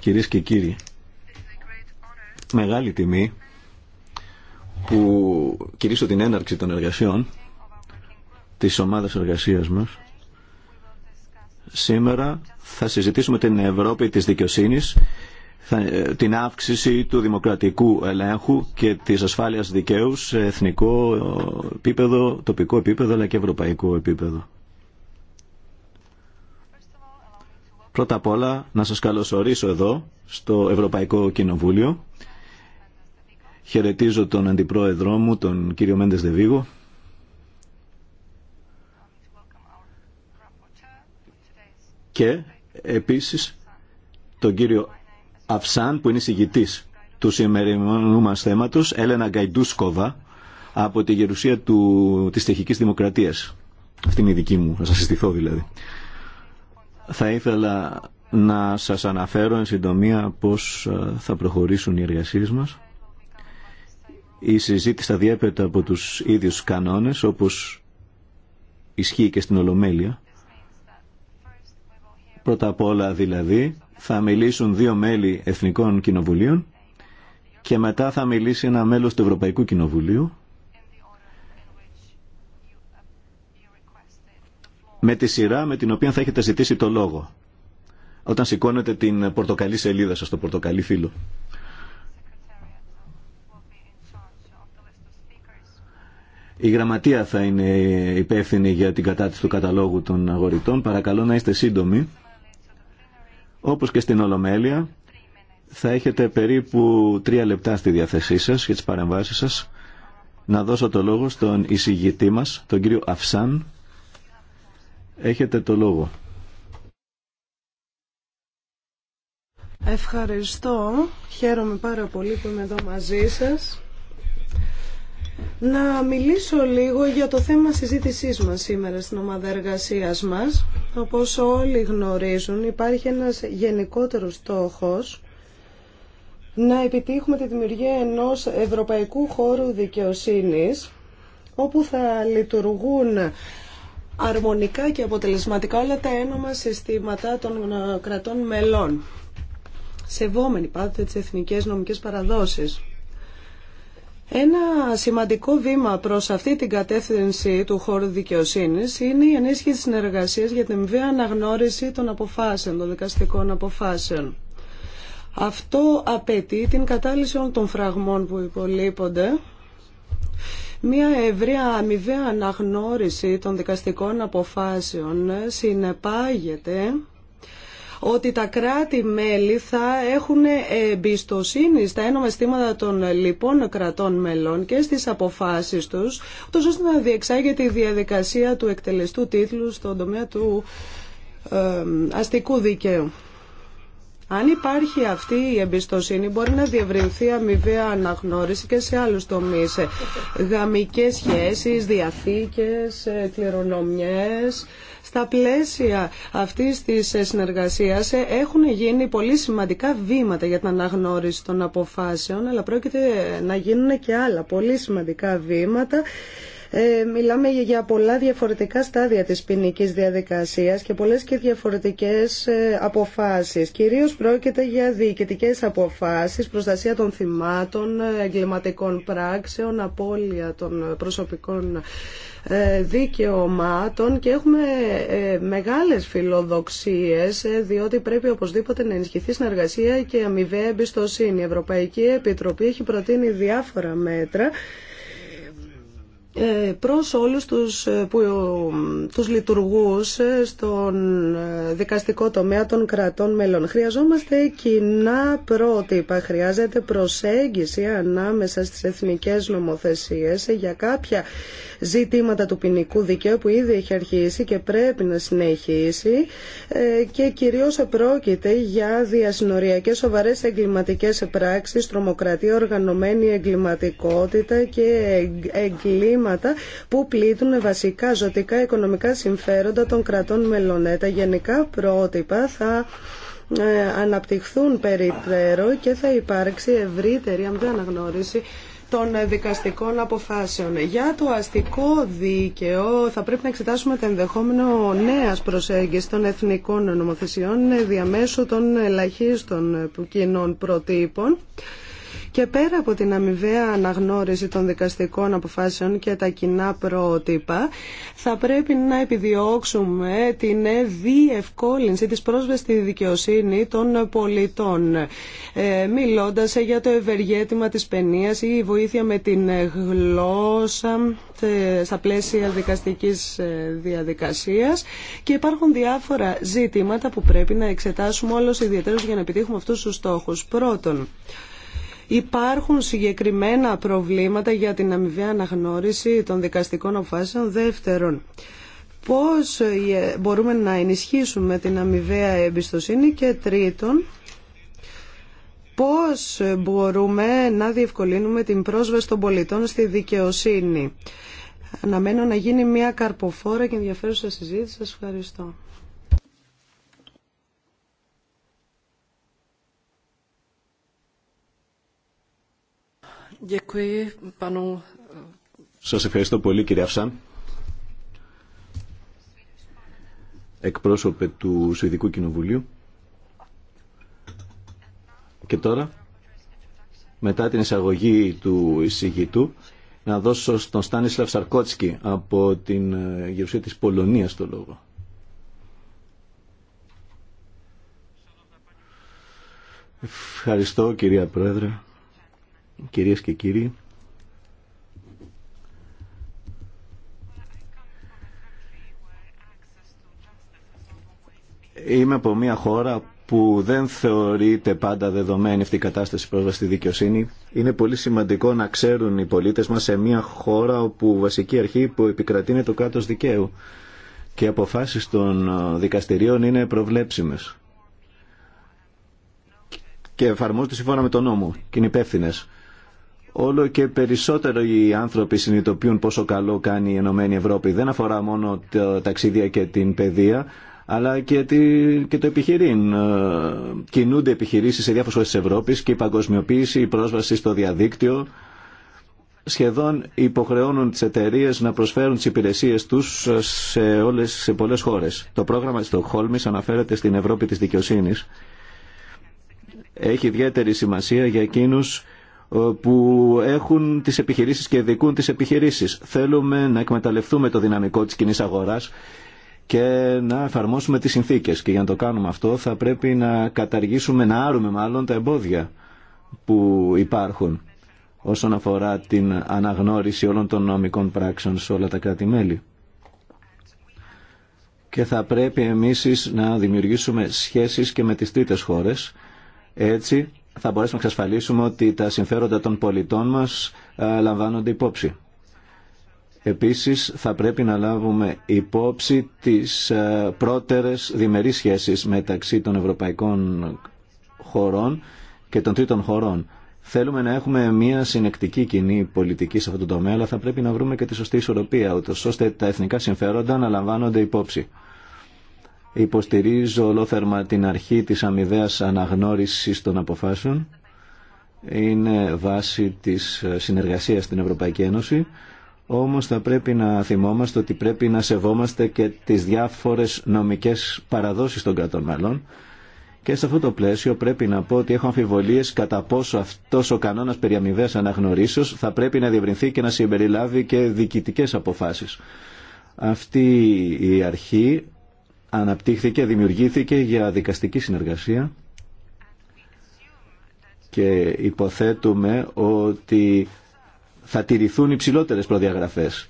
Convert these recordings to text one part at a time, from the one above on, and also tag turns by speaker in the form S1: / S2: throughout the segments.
S1: Κυρίες και κύριοι, μεγάλη τιμή που κηρύσω την έναρξη των εργασιών της ομάδας εργασίας μας. Σήμερα θα συζητήσουμε την Ευρώπη της δικαιοσύνης, ε, την αύξηση του δημοκρατικού ελέγχου και της ασφάλειας δικαίου σε εθνικό επίπεδο, τοπικό επίπεδο αλλά και ευρωπαϊκό επίπεδο. Πρώτα απ' όλα να σας καλωσορίσω εδώ στο Ευρωπαϊκό Κοινοβούλιο. Χαιρετίζω τον αντιπρόεδρό μου, τον κύριο Μέντες Δεβίγο. Και επίσης τον κύριο Αυσάν που είναι συγητής του σημερινού μας θέματος, Έλενα Γκαϊντούσκοβα από τη γερουσία του, της Τεχικής Δημοκρατίας. Αυτή είναι η δική μου, να σας συστηθώ δηλαδή. Θα ήθελα να σας αναφέρω εν συντομία πώς ε, θα προχωρήσουν οι εργασίες μας. Η συζήτηση θα διέπεται από τους ίδιους κανόνες όπως ισχύει και στην Ολομέλεια. Πρώτα απ' όλα δηλαδή θα μιλήσουν δύο μέλη Εθνικών Κοινοβουλίων και μετά θα μιλήσει ένα μέλος του Ευρωπαϊκού Κοινοβουλίου με τη σειρά με την οποία θα έχετε ζητήσει το λόγο. Όταν σηκώνετε την πορτοκαλί σελίδα σας, το πορτοκαλί φίλο. Η γραμματεία θα είναι υπεύθυνη για την κατάτηση του καταλόγου των αγορητών. Παρακαλώ να είστε σύντομοι. Όπως και στην Ολομέλεια, θα έχετε περίπου τρία λεπτά στη διάθεσή σας για τις παρεμβάσεις σας. Να δώσω το λόγο στον εισηγητή μας, τον κύριο Αυσάν, Έχετε το λόγο.
S2: Ευχαριστώ. Χαίρομαι πάρα πολύ που είμαι εδώ μαζί σας. Να μιλήσω λίγο για το θέμα συζήτησής μας σήμερα στην ομάδα εργασίας μας. Όπως όλοι γνωρίζουν υπάρχει ένας γενικότερος στόχος να επιτύχουμε τη δημιουργία ενός ευρωπαϊκού χώρου δικαιοσύνης όπου θα λειτουργούν αρμονικά και αποτελεσματικά όλα τα ένομα συστήματα των ε, κρατών μελών. Σεβόμενοι πάντοτε τις εθνικές νομικές παραδόσεις. Ένα σημαντικό βήμα προς αυτή την κατεύθυνση του χώρου δικαιοσύνης είναι η ενίσχυση συνεργασία για την βία αναγνώριση των αποφάσεων, των δικαστικών αποφάσεων. Αυτό απαιτεί την κατάλυση όλων των φραγμών που υπολείπονται μια ευρεία αμοιβαία αναγνώριση των δικαστικών αποφάσεων συνεπάγεται ότι τα κράτη-μέλη θα έχουν εμπιστοσύνη στα ένομα στήματα των λοιπών κρατών μελών και στις αποφάσεις τους, τόσο ώστε να διεξάγεται η διαδικασία του εκτελεστού τίτλου στον τομέα του ε, αστικού δικαίου. Αν υπάρχει αυτή η εμπιστοσύνη μπορεί να διευρυνθεί αμοιβαία αναγνώριση και σε άλλους τομείς. Γαμικές σχέσεις, διαθήκες, ε, κληρονομιές. Στα πλαίσια αυτής της ε, συνεργασίας ε, έχουν γίνει πολύ σημαντικά βήματα για την αναγνώριση των αποφάσεων, αλλά πρόκειται να γίνουν και άλλα πολύ σημαντικά βήματα ε, μιλάμε για πολλά διαφορετικά στάδια της ποινική διαδικασίας και πολλές και διαφορετικές ε, αποφάσεις. Κυρίως πρόκειται για διοικητικές αποφάσεις, προστασία των θυμάτων, εγκληματικών πράξεων, απώλεια των προσωπικών ε, δικαιωμάτων και έχουμε μεγάλες φιλοδοξίες διότι πρέπει οπωσδήποτε να ενισχυθεί συνεργασία και αμοιβαία εμπιστοσύνη. Η Ευρωπαϊκή Επιτροπή έχει προτείνει διάφορα μέτρα ε, προς όλους τους, ε, που, ε, τους λειτουργούς στον δικαστικό τομέα των κρατών μελών. Χρειαζόμαστε κοινά πρότυπα, χρειάζεται προσέγγιση ανάμεσα στις εθνικές νομοθεσίες για κάποια ζητήματα του ποινικού δικαίου που ήδη έχει αρχίσει και πρέπει να συνεχίσει και κυρίως πρόκειται για διασυνοριακές σοβαρές εγκληματικές πράξεις, τρομοκρατία, οργανωμένη εγκληματικότητα και εγκλήματα που πλήττουν βασικά ζωτικά οικονομικά συμφέροντα των κρατών μελών. Ε, τα γενικά πρότυπα θα ε, αναπτυχθούν περιττέρω και θα υπάρξει ευρύτερη αναγνώριση των δικαστικών αποφάσεων. Για το αστικό δίκαιο θα πρέπει να εξετάσουμε το ενδεχόμενο νέα προσέγγιση των εθνικών νομοθεσιών διαμέσου των ελαχίστων κοινών προτύπων. Και πέρα από την αμοιβαία αναγνώριση των δικαστικών αποφάσεων και τα κοινά πρότυπα, θα πρέπει να επιδιώξουμε την διευκόλυνση της πρόσβασης στη δικαιοσύνη των πολιτών, ε, μιλώντας για το ευεργέτημα της παινίας ή η βοήθεια με την γλώσσα ε, στα πλαίσια δικαστικής ε, διαδικασίας και υπάρχουν διάφορα ζητήματα που πρέπει να εξετάσουμε όλος ιδιαίτερως για να επιτύχουμε αυτούς τους στόχους. Πρώτον, Υπάρχουν συγκεκριμένα προβλήματα για την αμοιβαία αναγνώριση των δικαστικών αποφάσεων δεύτερον. Πώς ε, μπορούμε να ενισχύσουμε την αμοιβαία εμπιστοσύνη και τρίτον, πώς μπορούμε να διευκολύνουμε την πρόσβαση των πολιτών στη δικαιοσύνη. Αναμένω να γίνει μια καρποφόρα και ενδιαφέρουσα συζήτηση. Σας ευχαριστώ. Eh,
S1: Σας ευχαριστώ πολύ κύριε Αυσάν. Εκπρόσωπε του Σουηδικού Κοινοβουλίου. Και τώρα, μετά την εισαγωγή του εισηγητού, να δώσω στον Στάνισλαβ Σαρκότσκι από την ε, γερουσία της Πολωνίας το λόγο. Ευχαριστώ κυρία Πρόεδρε κυρίες και κύριοι. Είμαι από μια χώρα που δεν θεωρείται πάντα δεδομένη αυτή η κατάσταση πρόσβαση στη δικαιοσύνη. Είναι πολύ σημαντικό να ξέρουν οι πολίτες μας σε μια χώρα όπου βασική αρχή που επικρατεί είναι το κράτος δικαίου και οι αποφάσεις των δικαστηρίων είναι προβλέψιμες και εφαρμόζονται σύμφωνα με τον νόμο και είναι υπεύθυνε όλο και περισσότερο οι άνθρωποι συνειδητοποιούν πόσο καλό κάνει η Ενωμένη ΕΕ. Ευρώπη. Δεν αφορά μόνο τα ταξίδια και την παιδεία, αλλά και, και το επιχειρήν. Ε, κινούνται επιχειρήσεις σε διάφορες χώρες της Ευρώπης και η παγκοσμιοποίηση, η πρόσβαση στο διαδίκτυο σχεδόν υποχρεώνουν τις εταιρείε να προσφέρουν τις υπηρεσίες τους σε, όλες, σε πολλές χώρες. Το πρόγραμμα τη Στοκχόλμης αναφέρεται στην Ευρώπη της δικαιοσύνης. Έχει ιδιαίτερη σημασία για εκείνους ε, που έχουν τις επιχειρήσεις και δικούν τις επιχειρήσεις. Θέλουμε να εκμεταλλευτούμε το δυναμικό της κοινή αγοράς και να εφαρμόσουμε τις συνθήκες. Και για να το κάνουμε αυτό θα πρέπει να καταργήσουμε, να άρουμε μάλλον τα εμπόδια που υπάρχουν όσον αφορά την αναγνώριση όλων των νομικών πράξεων σε όλα τα κράτη-μέλη. Και θα πρέπει εμείς να δημιουργήσουμε σχέσεις και με τις τρίτες χώρες. Έτσι θα μπορέσουμε να εξασφαλίσουμε ότι τα συμφέροντα των πολιτών μας λαμβάνονται υπόψη. Επίσης θα πρέπει να λάβουμε υπόψη τις πρώτερες διμερείς σχέσεις μεταξύ των ευρωπαϊκών χωρών και των τρίτων χωρών. Θέλουμε να έχουμε μια συνεκτική κοινή πολιτική σε αυτό το τομέα, αλλά θα πρέπει να βρούμε και τη σωστή ισορροπία, ώστε τα εθνικά συμφέροντα να λαμβάνονται υπόψη. Υποστηρίζω ολόθερμα την αρχή της αμοιβαίας αναγνώρισης των αποφάσεων. Είναι βάση της συνεργασίας στην Ευρωπαϊκή Ένωση. Όμως θα πρέπει να θυμόμαστε ότι πρέπει να σεβόμαστε και τις διάφορες νομικές παραδόσεις των κρατών μελών. Και σε αυτό το πλαίσιο πρέπει να πω ότι έχω αμφιβολίες κατά πόσο αυτός ο κανόνας περί αμοιβαίας αναγνωρίσεως θα πρέπει να διευρυνθεί και να συμπεριλάβει και διοικητικές αποφάσεις. Αυτή η αρχή αναπτύχθηκε, δημιουργήθηκε για δικαστική συνεργασία και υποθέτουμε ότι θα τηρηθούν ψηλότερες προδιαγραφές.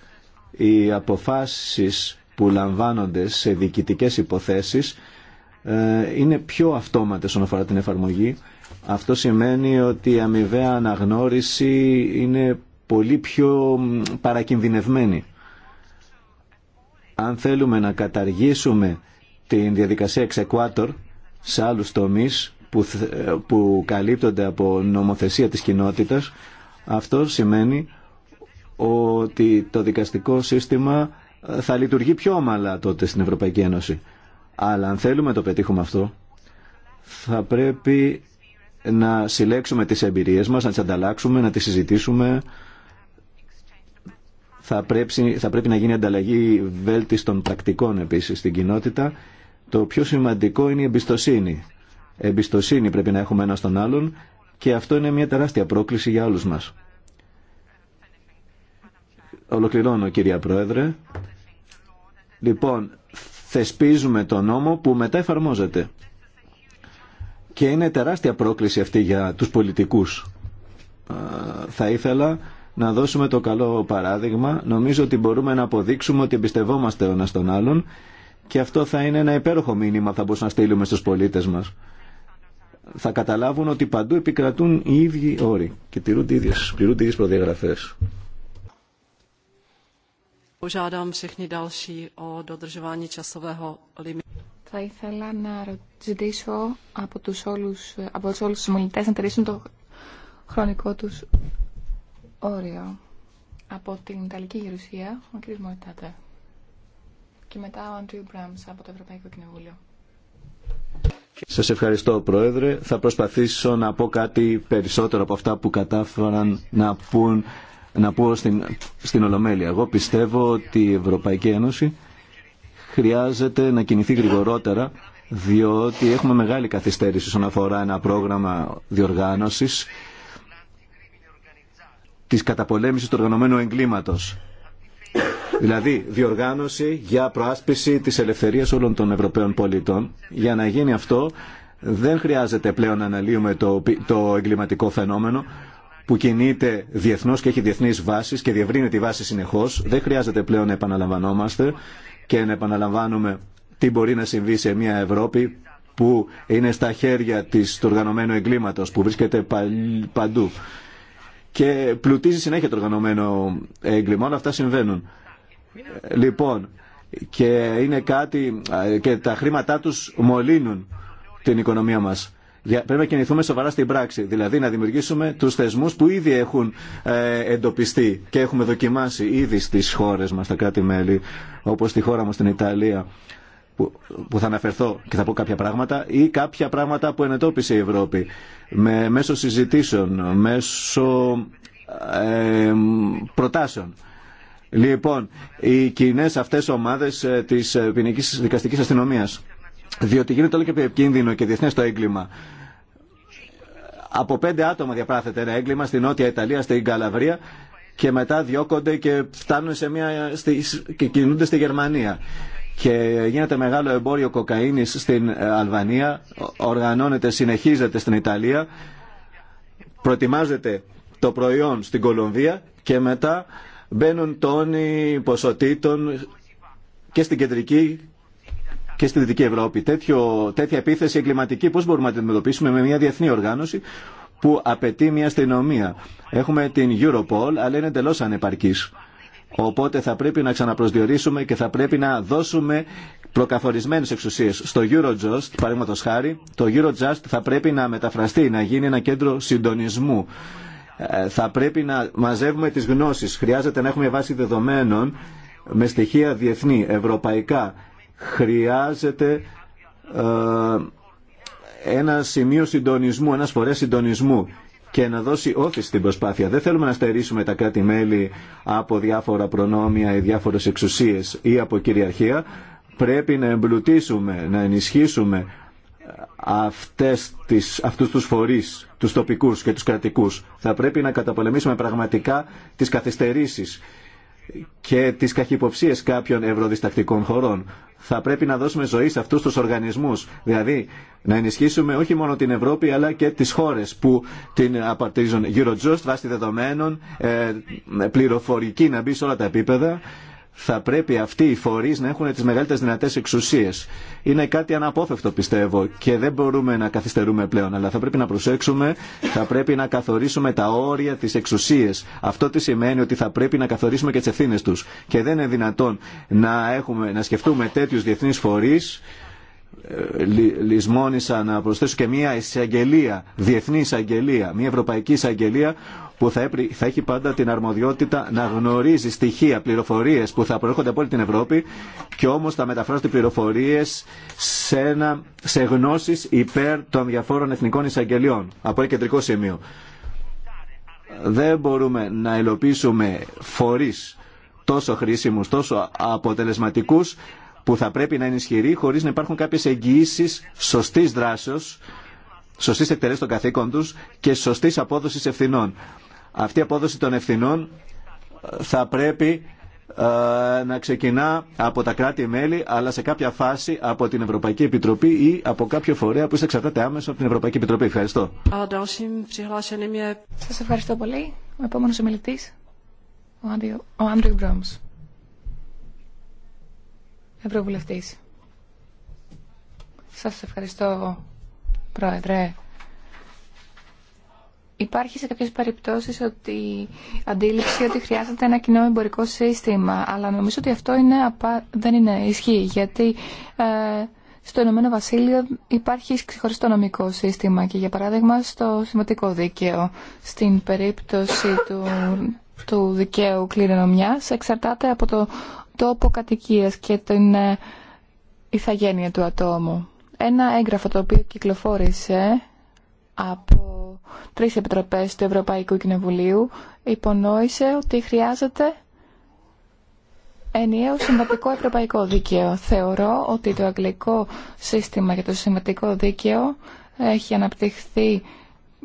S1: Οι αποφάσεις που λαμβάνονται σε διοικητικές υποθέσεις ε, είναι πιο αυτόματες όσον αφορά την εφαρμογή. Αυτό σημαίνει ότι η αμοιβαία αναγνώριση είναι πολύ πιο παρακινδυνευμένη. Αν θέλουμε να καταργήσουμε την διαδικασία εξεκουάτορ σε άλλους τομείς που, που καλύπτονται από νομοθεσία της κοινότητας, αυτό σημαίνει ότι το δικαστικό σύστημα ε, θα λειτουργεί πιο όμαλα τότε στην Ευρωπαϊκή Ένωση. Αλλά αν θέλουμε το πετύχουμε αυτό, θα πρέπει να συλλέξουμε τις εμπειρίες μας, να τις ανταλλάξουμε, να τις συζητήσουμε, θα πρέπει, θα πρέπει να γίνει ανταλλαγή βέλτιστων πρακτικών επίσης στην κοινότητα. Το πιο σημαντικό είναι η εμπιστοσύνη. Εμπιστοσύνη πρέπει να έχουμε ένα στον άλλον και αυτό είναι μια τεράστια πρόκληση για όλους μας. Ολοκληρώνω κυρία Πρόεδρε. Λοιπόν, θεσπίζουμε τον νόμο που μετά εφαρμόζεται. Και είναι τεράστια πρόκληση αυτή για τους πολιτικούς. Θα ήθελα να δώσουμε το καλό παράδειγμα. Νομίζω ότι μπορούμε να αποδείξουμε ότι εμπιστευόμαστε ο ένας τον άλλον και αυτό θα είναι ένα υπέροχο μήνυμα θα μπορούσαμε να στείλουμε στους πολίτες μας. Θα καταλάβουν ότι παντού επικρατούν οι ίδιοι όροι και τηρούνται οι ίδιες, πληρούνται οι ίδιες προδιαγραφές.
S3: Θα ήθελα να ζητήσω από τους όλους, από τους όλους τους να τηρήσουν το χρονικό τους όριο από την Ιταλική Γερουσία, ο κ. Μοϊτάτε. Και μετά ο Αντρίου Μπραμς από το Ευρωπαϊκό Κοινοβούλιο.
S1: Σας ευχαριστώ Πρόεδρε. Θα προσπαθήσω να πω κάτι περισσότερο από αυτά που κατάφεραν να, πούν, να πω στην, στην Ολομέλεια. Εγώ πιστεύω ότι η Ευρωπαϊκή Ένωση χρειάζεται να κινηθεί γρηγορότερα διότι έχουμε μεγάλη καθυστέρηση όσον αφορά ένα πρόγραμμα διοργάνωσης της καταπολέμησης του οργανωμένου εγκλήματος. Δηλαδή, διοργάνωση για προάσπιση της ελευθερίας όλων των Ευρωπαίων πολιτών. Για να γίνει αυτό, δεν χρειάζεται πλέον να αναλύουμε το, το εγκληματικό φαινόμενο που κινείται διεθνώς και έχει διεθνείς βάσεις και διευρύνει τη βάση συνεχώς. Δεν χρειάζεται πλέον να επαναλαμβανόμαστε και να επαναλαμβάνουμε τι μπορεί να συμβεί σε μια Ευρώπη που είναι στα χέρια της του οργανωμένου εγκλήματος, που βρίσκεται παντού και πλουτίζει συνέχεια το οργανωμένο έγκλημα. Όλα αυτά συμβαίνουν. Λοιπόν, και είναι κάτι και τα χρήματά τους μολύνουν την οικονομία μας. Πρέπει να κινηθούμε σοβαρά στην πράξη, δηλαδή να δημιουργήσουμε τους θεσμούς που ήδη έχουν ε, εντοπιστεί και έχουμε δοκιμάσει ήδη στις χώρες μας, τα κράτη-μέλη, όπως στη χώρα μας στην Ιταλία, που, που θα αναφερθώ και θα πω κάποια πράγματα, ή κάποια πράγματα που ενετόπισε η Ευρώπη με, μέσω συζητήσεων, μέσω ε, προτάσεων. Λοιπόν, οι κοινέ αυτέ ομάδε ε, τη ε, ποινική δικαστική αστυνομία. Διότι γίνεται όλο και πιο επικίνδυνο και διεθνέ το έγκλημα. Από πέντε άτομα διαπράθεται ένα έγκλημα στην Νότια Ιταλία, στην Καλαβρία και μετά διώκονται και φτάνουν σε μια, και κινούνται στη Γερμανία και γίνεται μεγάλο εμπόριο κοκαίνης στην ε, Αλβανία, οργανώνεται, συνεχίζεται στην Ιταλία, προετοιμάζεται το προϊόν στην Κολομβία και μετά μπαίνουν τόνοι ποσοτήτων και στην κεντρική και στη Δυτική Ευρώπη. Τέτοιο, τέτοια επίθεση εγκληματική πώς μπορούμε να την αντιμετωπίσουμε με μια διεθνή οργάνωση που απαιτεί μια αστυνομία. Έχουμε την Europol, αλλά είναι εντελώ ανεπαρκής. Οπότε θα πρέπει να ξαναπροσδιορίσουμε και θα πρέπει να δώσουμε προκαθορισμένες εξουσίες. Στο Eurojust, παραδείγματο χάρη, το Eurojust θα πρέπει να μεταφραστεί, να γίνει ένα κέντρο συντονισμού. Ε, θα πρέπει να μαζεύουμε τις γνώσεις. Χρειάζεται να έχουμε βάση δεδομένων με στοιχεία διεθνή, ευρωπαϊκά. Χρειάζεται ε, ένα σημείο συντονισμού, ένα φορέας συντονισμού και να δώσει όθηση στην προσπάθεια. Δεν θέλουμε να στερήσουμε τα κράτη-μέλη από διάφορα προνόμια ή διάφορες εξουσίες ή από κυριαρχία. Πρέπει να εμπλουτίσουμε, να ενισχύσουμε αυτές τις, αυτούς τους φορείς, τους τοπικούς και τους κρατικούς. Θα πρέπει να καταπολεμήσουμε πραγματικά τις καθυστερήσεις και τις καχυποψίες κάποιων ευρωδιστακτικών χωρών. Θα πρέπει να δώσουμε ζωή σε αυτούς τους οργανισμούς, δηλαδή να ενισχύσουμε όχι μόνο την Ευρώπη αλλά και τις χώρες που την απαρτίζουν Eurojust, βάσει δεδομένων, ε, πληροφορική να μπει σε όλα τα επίπεδα θα πρέπει αυτοί οι φορεί να έχουν τι μεγαλύτερε δυνατέ εξουσίε. Είναι κάτι αναπόφευκτο πιστεύω και δεν μπορούμε να καθυστερούμε πλέον. Αλλά θα πρέπει να προσέξουμε, θα πρέπει να καθορίσουμε τα όρια τη εξουσία. Αυτό τι σημαίνει ότι θα πρέπει να καθορίσουμε και τι ευθύνε του. Και δεν είναι δυνατόν να, έχουμε, να σκεφτούμε τέτοιου διεθνεί φορεί λησμόνησα να προσθέσω και μια εισαγγελία, διεθνή εισαγγελία, μια ευρωπαϊκή εισαγγελία που θα, θα έχει πάντα την αρμοδιότητα να γνωρίζει στοιχεία, πληροφορίε που θα προέρχονται από όλη την Ευρώπη και όμω θα μεταφράζονται πληροφορίε σε, ένα, σε γνώσει υπέρ των διαφόρων εθνικών εισαγγελιών από ένα κεντρικό σημείο. Δεν μπορούμε να ελοπίσουμε φορεί τόσο χρήσιμους, τόσο αποτελεσματικούς που θα πρέπει να είναι ισχυρή χωρίς να υπάρχουν κάποιες εγγυήσεις σωστής δράσεως, σωστής εκτελέσης των καθήκων τους και σωστής απόδοσης ευθυνών. Αυτή η απόδοση των ευθυνών ε, θα πρέπει ε, να ξεκινά από τα κράτη-μέλη αλλά σε κάποια φάση από την Ευρωπαϊκή Επιτροπή ή από κάποιο φορέα που εξαρτάται άμεσα από την Ευρωπαϊκή Επιτροπή. Ευχαριστώ.
S3: Σας ευχαριστώ πολύ. Ο επόμενος ομιλητής, ο Άντριου Μπρόμς. Ευρωβουλευτής. Σας ευχαριστώ, Πρόεδρε. Υπάρχει σε κάποιες περιπτώσεις ότι αντίληψη ότι χρειάζεται ένα κοινό εμπορικό σύστημα, αλλά νομίζω ότι αυτό είναι δεν είναι ισχύει, γιατί ε, στο Ηνωμένο Βασίλειο υπάρχει ξεχωριστό νομικό σύστημα και για παράδειγμα στο σημαντικό δίκαιο, στην περίπτωση του, του δικαίου κληρονομιάς, εξαρτάται από το τόπο κατοικία και την ε, ηθαγένεια του ατόμου. Ένα έγγραφο το οποίο κυκλοφόρησε από τρεις επιτροπές του Ευρωπαϊκού Κοινοβουλίου υπονόησε ότι χρειάζεται ενιαίο συμβατικό ευρωπαϊκό δίκαιο. Θεωρώ ότι το αγγλικό σύστημα για το συμβατικό δίκαιο έχει αναπτυχθεί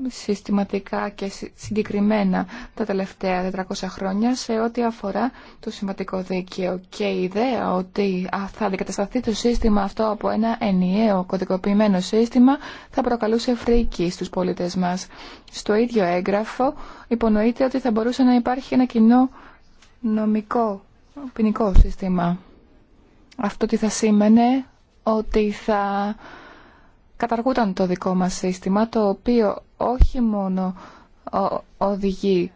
S3: συστηματικά και συγκεκριμένα τα τελευταία 400 χρόνια σε ό,τι αφορά το συμβατικό δίκαιο και η ιδέα ότι θα αντικατασταθεί το σύστημα αυτό από ένα ενιαίο κωδικοποιημένο σύστημα θα προκαλούσε φρίκη στους πολίτες μας. Στο ίδιο έγγραφο υπονοείται ότι θα μπορούσε να υπάρχει ένα κοινό νομικό ποινικό σύστημα. Αυτό τι θα σήμαινε ότι θα καταργούταν το δικό μας σύστημα, το οποίο όχι μόνο οδηγεί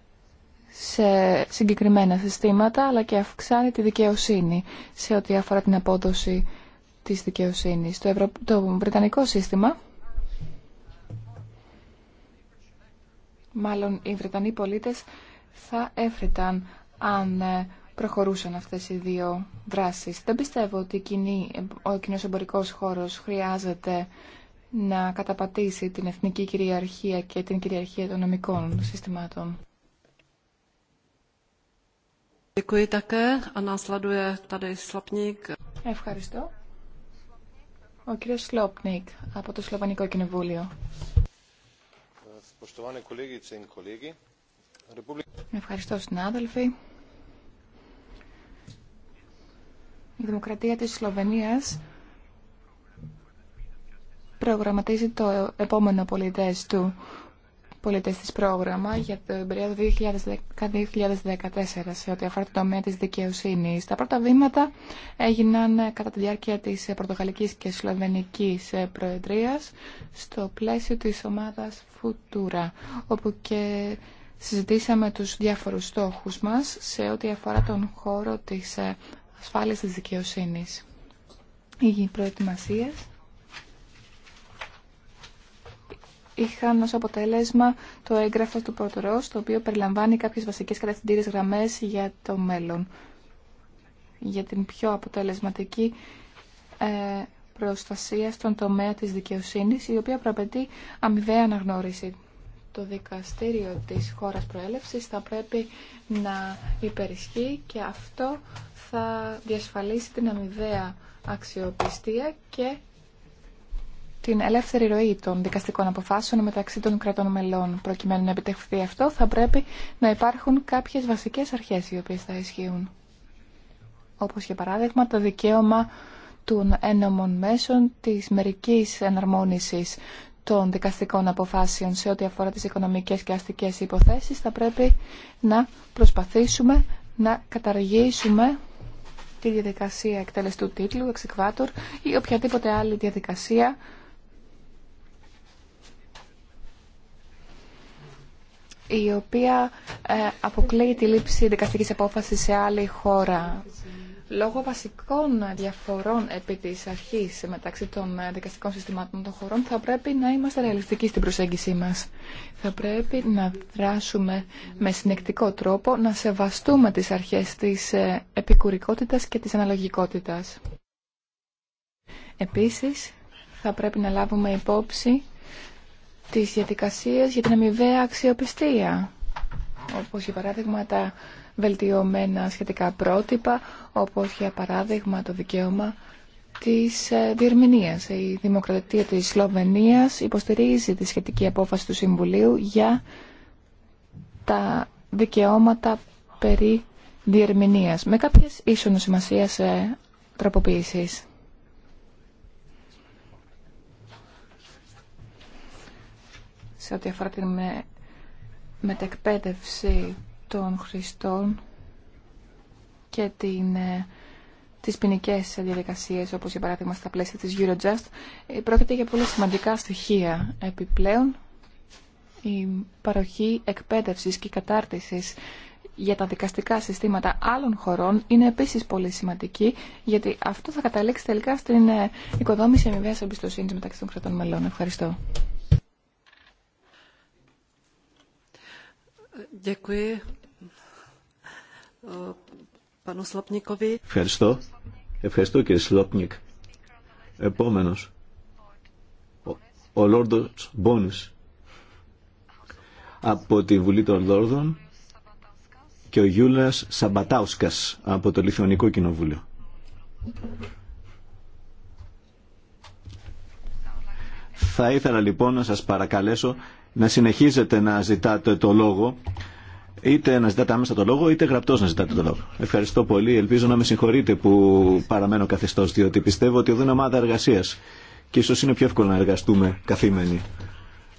S3: σε συγκεκριμένα συστήματα, αλλά και αυξάνει τη δικαιοσύνη σε ό,τι αφορά την απόδοση της δικαιοσύνης. Το, το Βρετανικό σύστημα, μάλλον οι Βρετανοί πολίτες θα έφρυταν αν ε, προχωρούσαν αυτές οι δύο δράσεις. Δεν πιστεύω ότι ο κοινός εμπορικός χώρος χρειάζεται να καταπατήσει την εθνική κυριαρχία και την κυριαρχία των νομικών συστημάτων. Ευχαριστώ. Ο κύριος Σλόπνικ από το Σλοβανικό Κοινοβούλιο. Ευχαριστώ συνάδελφοι. Η δημοκρατία της Σλοβενίας προγραμματίζει το επόμενο πολιτές του πολιτές της πρόγραμμα για το περιοδο 2010-2014 σε ό,τι αφορά το τομέα της δικαιοσύνης. Τα πρώτα βήματα έγιναν κατά τη διάρκεια της Πορτογαλικής και Σλοβενικής Προεδρίας στο πλαίσιο της ομάδας Futura, όπου και συζητήσαμε τους διάφορους στόχους μας σε ό,τι αφορά τον χώρο της ασφάλειας της δικαιοσύνης. Οι προετοιμασίες είχαν ως αποτέλεσμα το έγγραφο του Πρωτορός, το οποίο περιλαμβάνει κάποιες βασικές κατευθυντήριες γραμμές για το μέλλον, για την πιο αποτελεσματική ε, προστασία στον τομέα της δικαιοσύνης, η οποία προαπαιτεί αμοιβαία αναγνώριση. Το δικαστήριο της χώρας προέλευσης θα πρέπει να υπερισχύει και αυτό θα διασφαλίσει την αμοιβαία αξιοπιστία και την ελεύθερη ροή των δικαστικών αποφάσεων μεταξύ των κρατών μελών. Προκειμένου να επιτευχθεί αυτό θα πρέπει να υπάρχουν κάποιε βασικέ αρχέ οι οποίε θα ισχύουν. Όπω για παράδειγμα το δικαίωμα των ένομων μέσων τη μερική εναρμόνιση των δικαστικών αποφάσεων σε ό,τι αφορά τις οικονομικές και αστικές υποθέσεις θα πρέπει να προσπαθήσουμε να καταργήσουμε τη διαδικασία εκτελεστού τίτλου, εξεκβάτορ ή οποιαδήποτε άλλη διαδικασία η οποία ε, αποκλείει τη λήψη δικαστικής απόφασης σε άλλη χώρα. Λόγω βασικών διαφορών επί της αρχής μεταξύ των ε, δικαστικών συστημάτων των χωρών θα πρέπει να είμαστε ρεαλιστικοί στην προσέγγιση μας. Θα πρέπει να δράσουμε με συνεκτικό τρόπο, να σεβαστούμε τις αρχές της ε, επικουρικότητας και της αναλογικότητας. Επίσης, θα πρέπει να λάβουμε υπόψη τις διαδικασίες για την αμοιβαία αξιοπιστία, όπως για παράδειγμα τα βελτιωμένα σχετικά πρότυπα, όπως για παράδειγμα το δικαίωμα της ε, διερμηνίας. Η Δημοκρατία της Σλοβενίας υποστηρίζει τη σχετική απόφαση του Συμβουλίου για τα δικαιώματα περί διερμηνίας, με κάποιες ίσονο σημασίας ε, τροποποίησης. σε ό,τι αφορά την μετεκπαίδευση των χρηστών και την, ε, τις ποινικέ διαδικασίες, όπως για παράδειγμα στα πλαίσια της Eurojust, ε, πρόκειται για πολύ σημαντικά στοιχεία. Επιπλέον, η παροχή εκπαίδευσης και κατάρτισης για τα δικαστικά συστήματα άλλων χωρών είναι επίσης πολύ σημαντική, γιατί αυτό θα καταλήξει τελικά στην ε, οικοδόμηση αμοιβαίας εμπιστοσύνης μεταξύ των κρατών μελών. Ευχαριστώ.
S2: Eh,
S1: Ευχαριστώ. Ευχαριστώ κύριε Σλόπνικ. Επόμενος. Ο, Λόρδο Λόρδος Από τη Βουλή των Λόρδων και ο Γιούλας Σαμπατάουσκας από το Λιθουανικό Κοινοβούλιο. Θα ήθελα λοιπόν να σας παρακαλέσω να συνεχίζετε να ζητάτε το λόγο, είτε να ζητάτε άμεσα το λόγο, είτε γραπτό να ζητάτε το λόγο. Ευχαριστώ πολύ. Ελπίζω να με συγχωρείτε που παραμένω Καθεστώ, διότι πιστεύω ότι εδώ είναι ομάδα εργασία και ίσω είναι πιο εύκολο να εργαστούμε καθήμενοι.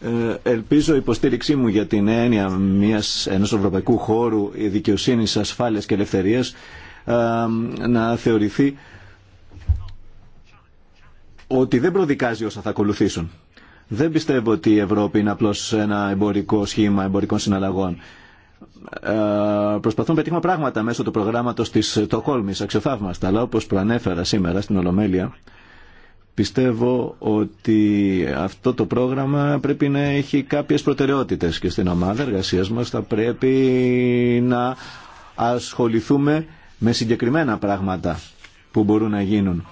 S1: Ε, ελπίζω η υποστήριξή μου για την έννοια μιας, ενός ευρωπαϊκού χώρου δικαιοσύνη ασφάλεια και ελευθερία, ε, να θεωρηθεί ότι δεν προδικάζει όσα θα ακολουθήσουν. Δεν πιστεύω ότι η Ευρώπη είναι απλώς ένα εμπορικό σχήμα εμπορικών συναλλαγών. Ε, προσπαθούμε να πετύχουμε πράγματα μέσω του προγράμματος της Τοχόλμης, αξιοθαύμαστα, αλλά όπως προανέφερα σήμερα στην Ολομέλεια, πιστεύω ότι αυτό το πρόγραμμα πρέπει να έχει κάποιες προτεραιότητες και στην ομάδα εργασία μας θα πρέπει να ασχοληθούμε με συγκεκριμένα πράγματα που μπορούν να γίνουν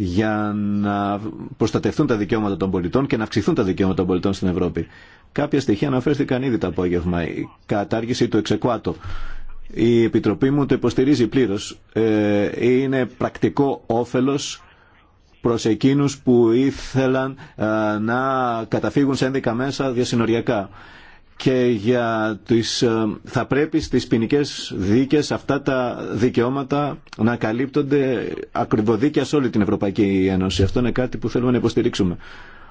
S1: για να προστατευτούν τα δικαιώματα των πολιτών και να αυξηθούν τα δικαιώματα των πολιτών στην Ευρώπη. Κάποια στοιχεία αναφέρθηκαν ήδη το απόγευμα. Η κατάργηση του εξεκουάτου. Η Επιτροπή μου το υποστηρίζει πλήρως. Ε, είναι πρακτικό όφελος προ εκείνου που ήθελαν ε, να καταφύγουν σε ένδικα μέσα διασυνοριακά και για τις, ε, θα πρέπει στις ποινικέ δίκες αυτά τα δικαιώματα να καλύπτονται ακριβοδίκαια σε όλη την Ευρωπαϊκή Ένωση. Αυτό είναι κάτι που θέλουμε να υποστηρίξουμε.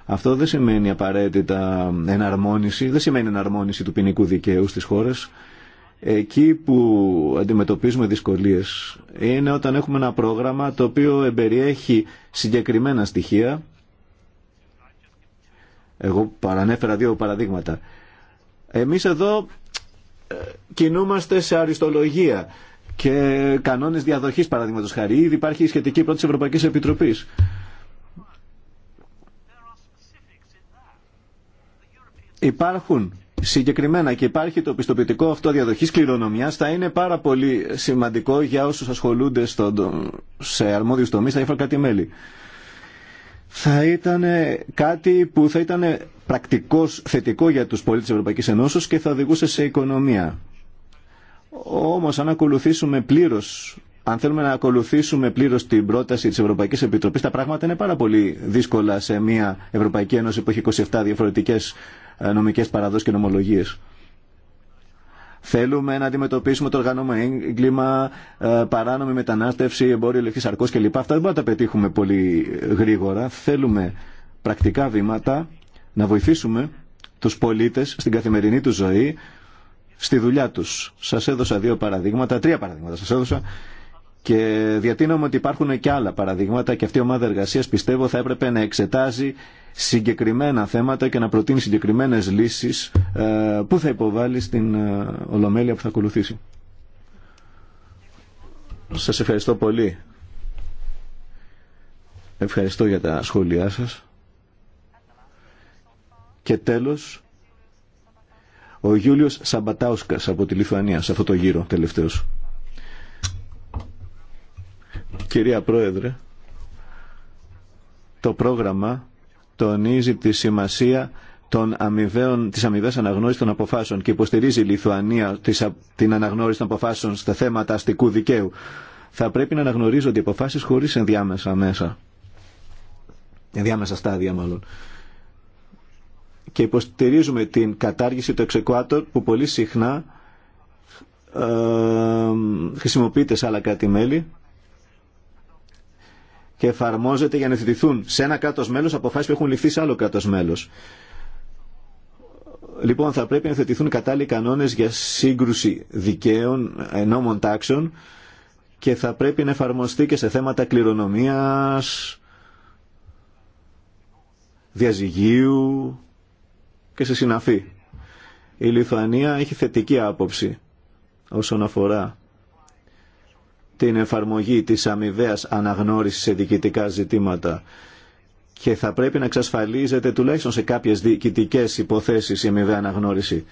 S1: Αυτό δεν σημαίνει απαραίτητα εναρμόνιση, δεν σημαίνει εναρμόνιση του ποινικού δικαίου στις χώρες. Εκεί που αντιμετωπίζουμε δυσκολίες είναι όταν έχουμε ένα πρόγραμμα το οποίο εμπεριέχει συγκεκριμένα στοιχεία. Εγώ παρανέφερα δύο παραδείγματα εμείς εδώ ε, κινούμαστε σε αριστολογία και κανόνες διαδοχής παραδείγματος χάρη. Ήδη υπάρχει η σχετική πρώτη Ευρωπαϊκής Επιτροπής. Υπάρχουν συγκεκριμένα και υπάρχει το πιστοποιητικό αυτό διαδοχής κληρονομιάς θα είναι πάρα πολύ σημαντικό για όσους ασχολούνται στο, σε αρμόδιους τομείς, θα ήθελα κάτι μέλη θα ήταν ε, κάτι που θα ήταν ε, πρακτικός θετικό για τους πολίτες της Ευρωπαϊκής Ενώσεως και θα οδηγούσε σε οικονομία. Όμως αν ακολουθήσουμε πλήρως αν θέλουμε να ακολουθήσουμε πλήρως την πρόταση της Ευρωπαϊκής Επιτροπής, τα πράγματα είναι πάρα πολύ δύσκολα σε μια Ευρωπαϊκή Ένωση που έχει 27 διαφορετικές ε, νομικές παραδόσεις και νομολογίες. Θέλουμε να αντιμετωπίσουμε το οργάνωμα έγκλημα, ε, παράνομη μετανάστευση, εμπόριο λευκής αρκός κλπ. Αυτά δεν μπορούμε να τα πετύχουμε πολύ γρήγορα. Θέλουμε πρακτικά βήματα να βοηθήσουμε τους πολίτες στην καθημερινή τους ζωή, στη δουλειά τους. Σας έδωσα δύο παραδείγματα, τρία παραδείγματα σας έδωσα και διατείνομαι ότι υπάρχουν και άλλα παραδείγματα και αυτή η ομάδα εργασία πιστεύω θα έπρεπε να εξετάζει συγκεκριμένα θέματα και να προτείνει συγκεκριμένε λύσει ε, που θα υποβάλει στην ε, ολομέλεια που θα ακολουθήσει. Σα ευχαριστώ πολύ. Ευχαριστώ για τα σχόλιά σας. Και τέλος, ο Γιούλιος Σαμπατάουσκας από τη Λιθουανία, σε αυτό το γύρο τελευταίος. Κυρία Πρόεδρε, το πρόγραμμα τονίζει τη σημασία των αμοιβαίων, της αμοιβαίας αναγνώρισης των αποφάσεων και υποστηρίζει η Λιθουανία την αναγνώριση των αποφάσεων στα θέματα αστικού δικαίου. Θα πρέπει να αναγνωρίζονται οι αποφάσεις χωρίς ενδιάμεσα μέσα. Ενδιάμεσα στάδια μάλλον. Και υποστηρίζουμε την κατάργηση του εξεκουάτορ που πολύ συχνά ε, χρησιμοποιείται σε άλλα κράτη-μέλη και εφαρμόζεται για να θετηθούν σε ένα κράτο μέλο αποφάσει που έχουν ληφθεί σε άλλο κράτο μέλο. Λοιπόν, θα πρέπει να θετηθούν κατάλληλοι κανόνε για σύγκρουση δικαίων ε, νόμων τάξεων και θα πρέπει να εφαρμοστεί και σε θέματα κληρονομία, διαζυγίου και σε συναφή. Η Λιθουανία έχει θετική άποψη όσον αφορά την εφαρμογή της αμοιβαία αναγνώρισης σε διοικητικά ζητήματα και θα πρέπει να εξασφαλίζεται τουλάχιστον σε κάποιες διοικητικέ υποθέσεις η αμοιβαία αναγνώριση.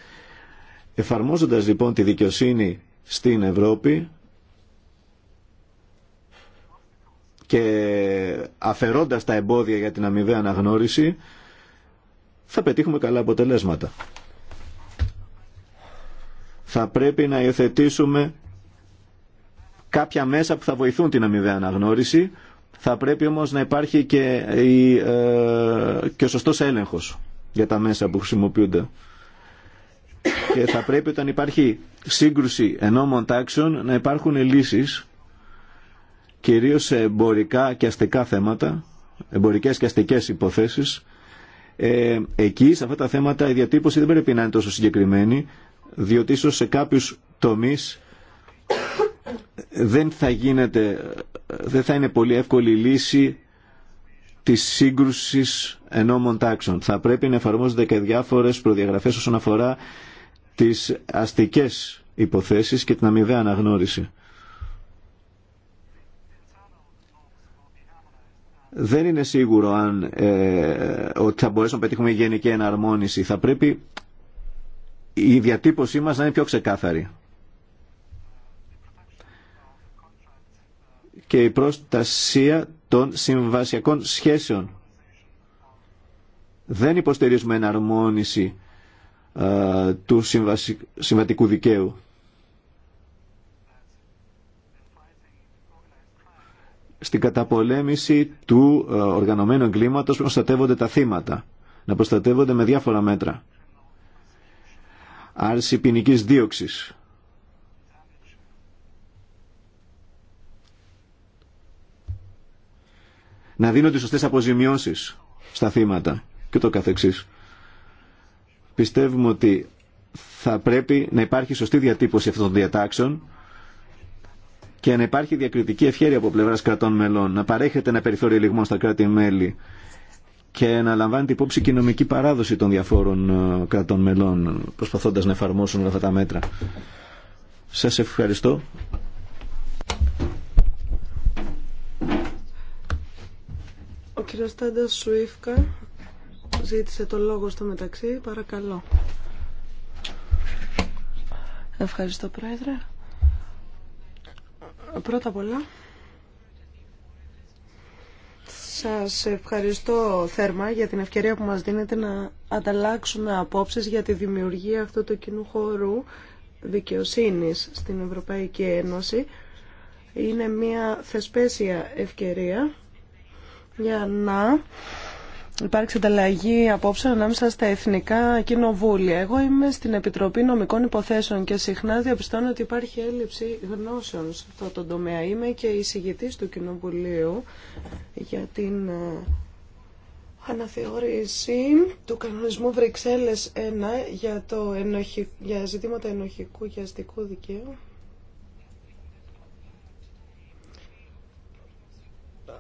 S1: Εφαρμόζοντας λοιπόν τη δικαιοσύνη στην Ευρώπη και αφαιρώντας τα εμπόδια για την αμοιβαία αναγνώριση θα πετύχουμε καλά αποτελέσματα. Θα πρέπει να υιοθετήσουμε κάποια μέσα που θα βοηθούν την αμοιβαία αναγνώριση. Θα πρέπει όμως να υπάρχει και, η, ε, και ο σωστός έλεγχος για τα μέσα που χρησιμοποιούνται. Και θα πρέπει όταν υπάρχει σύγκρουση ενόμων τάξεων να υπάρχουν λύσεις κυρίως σε εμπορικά και αστικά θέματα, εμπορικές και αστικές υποθέσεις. Ε, εκεί σε αυτά τα θέματα η διατύπωση δεν πρέπει να είναι τόσο συγκεκριμένη διότι ίσως σε κάποιους τομείς δεν θα γίνεται, δεν θα είναι πολύ εύκολη η λύση της σύγκρουσης ενόμων τάξεων. Θα πρέπει να εφαρμόζονται και διάφορες προδιαγραφές όσον αφορά τις αστικές υποθέσεις και την αμοιβαία αναγνώριση. Δεν είναι σίγουρο αν, ε, ότι θα μπορέσουμε να πετύχουμε γενική εναρμόνιση. Θα πρέπει η διατύπωσή μας να είναι πιο ξεκάθαρη. και η προστασία των συμβασιακών σχέσεων. Δεν υποστηρίζουμε εναρμόνιση του συμβατικού δικαίου. Στην καταπολέμηση του οργανωμένου εγκλήματος προστατεύονται τα θύματα. Να προστατεύονται με διάφορα μέτρα. Άρση ποινική δίωξης να δίνονται σωστές αποζημιώσεις στα θύματα και το καθεξής. Πιστεύουμε ότι θα πρέπει να υπάρχει σωστή διατύπωση αυτών των διατάξεων και να υπάρχει διακριτική ευχαίρεια από πλευράς κρατών μελών, να παρέχεται ένα περιθώριο λιγμό στα κράτη-μέλη και να λαμβάνεται υπόψη και η νομική παράδοση των διαφόρων ε, κρατών μελών, προσπαθώντας να εφαρμόσουν αυτά τα μέτρα. Σας ευχαριστώ.
S2: κύριος Τάντας Σουίφκα ζήτησε το λόγο στο μεταξύ. Παρακαλώ. Ευχαριστώ, Πρόεδρε. Πρώτα απ' όλα, σας ευχαριστώ θέρμα για την ευκαιρία που μας δίνετε να ανταλλάξουμε απόψεις για τη δημιουργία αυτού του κοινού χώρου δικαιοσύνης στην Ευρωπαϊκή Ένωση. Είναι μια θεσπέσια ευκαιρία για να υπάρξει ανταλλαγή απόψε ανάμεσα στα εθνικά κοινοβούλια. Εγώ είμαι στην Επιτροπή Νομικών Υποθέσεων και συχνά διαπιστώνω ότι υπάρχει έλλειψη γνώσεων σε αυτό το τομέα. Είμαι και η εισηγητής του Κοινοβουλίου για την ε, αναθεώρηση του κανονισμού Βρυξέλλες 1 για, το για ζητήματα ενοχικού και αστικού δικαίου.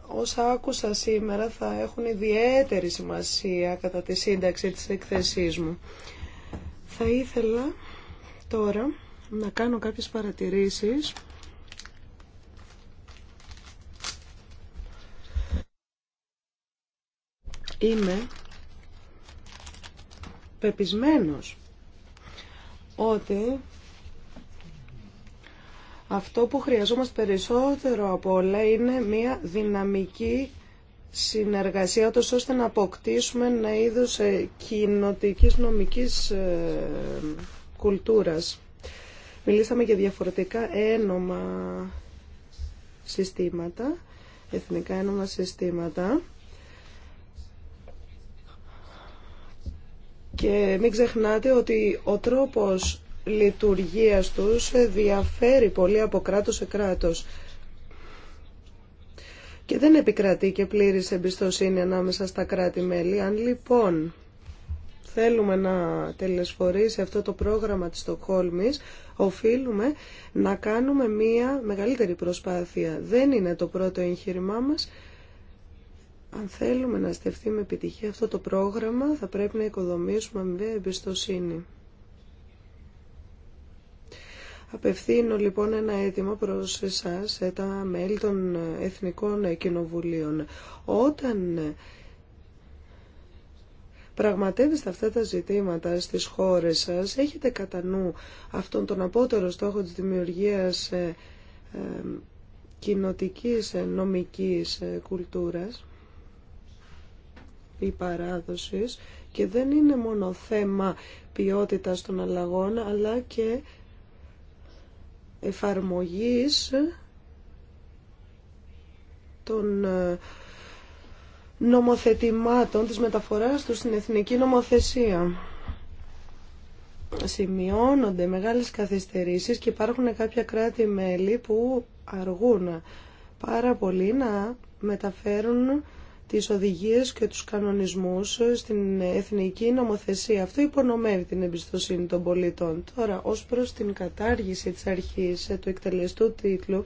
S2: όσα άκουσα σήμερα θα έχουν ιδιαίτερη σημασία κατά τη σύνταξη της εκθεσής μου. Θα ήθελα τώρα να κάνω κάποιες παρατηρήσεις Είμαι πεπισμένος ότι αυτό που χρειαζόμαστε περισσότερο από όλα είναι μια δυναμική συνεργασία τόσο ώστε να αποκτήσουμε ένα είδος ε, κοινοτική νομικής ε, κουλτούρας. Μιλήσαμε για διαφορετικά ένομα συστήματα, εθνικά ένομα συστήματα. Και μην ξεχνάτε ότι ο τρόπος λειτουργίας τους διαφέρει πολύ από κράτος σε κράτος και δεν επικρατεί και πλήρης εμπιστοσύνη ανάμεσα στα κράτη-μέλη. Αν λοιπόν θέλουμε να τελεσφορήσει αυτό το πρόγραμμα της Στοκχόλμης, οφείλουμε να κάνουμε μία μεγαλύτερη προσπάθεια. Δεν είναι το πρώτο εγχείρημά μας. Αν θέλουμε να στεφθεί με επιτυχία αυτό το πρόγραμμα, θα πρέπει να οικοδομήσουμε μία εμπιστοσύνη. Απευθύνω λοιπόν ένα αίτημα προς εσάς, ε, τα μέλη των Εθνικών Κοινοβουλίων. Όταν πραγματεύεστε αυτά τα ζητήματα στις χώρες σας, έχετε κατά νου αυτόν τον απότερο στόχο της δημιουργίας ε, ε, κοινοτικής ε, νομικής ε, κουλτούρας ή παράδοσης και δεν είναι μόνο θέμα ποιότητας των αλλαγών αλλά και εφαρμογής των ε, νομοθετημάτων της μεταφοράς του στην εθνική νομοθεσία. Σημειώνονται μεγάλες καθυστερήσεις και υπάρχουν κάποια κράτη-μέλη που αργούν πάρα πολύ να μεταφέρουν τις οδηγίες και τους κανονισμούς στην εθνική νομοθεσία. Αυτό υπονομεύει την εμπιστοσύνη των πολιτών. Τώρα, ως προς την κατάργηση της αρχής ε, του εκτελεστού τίτλου,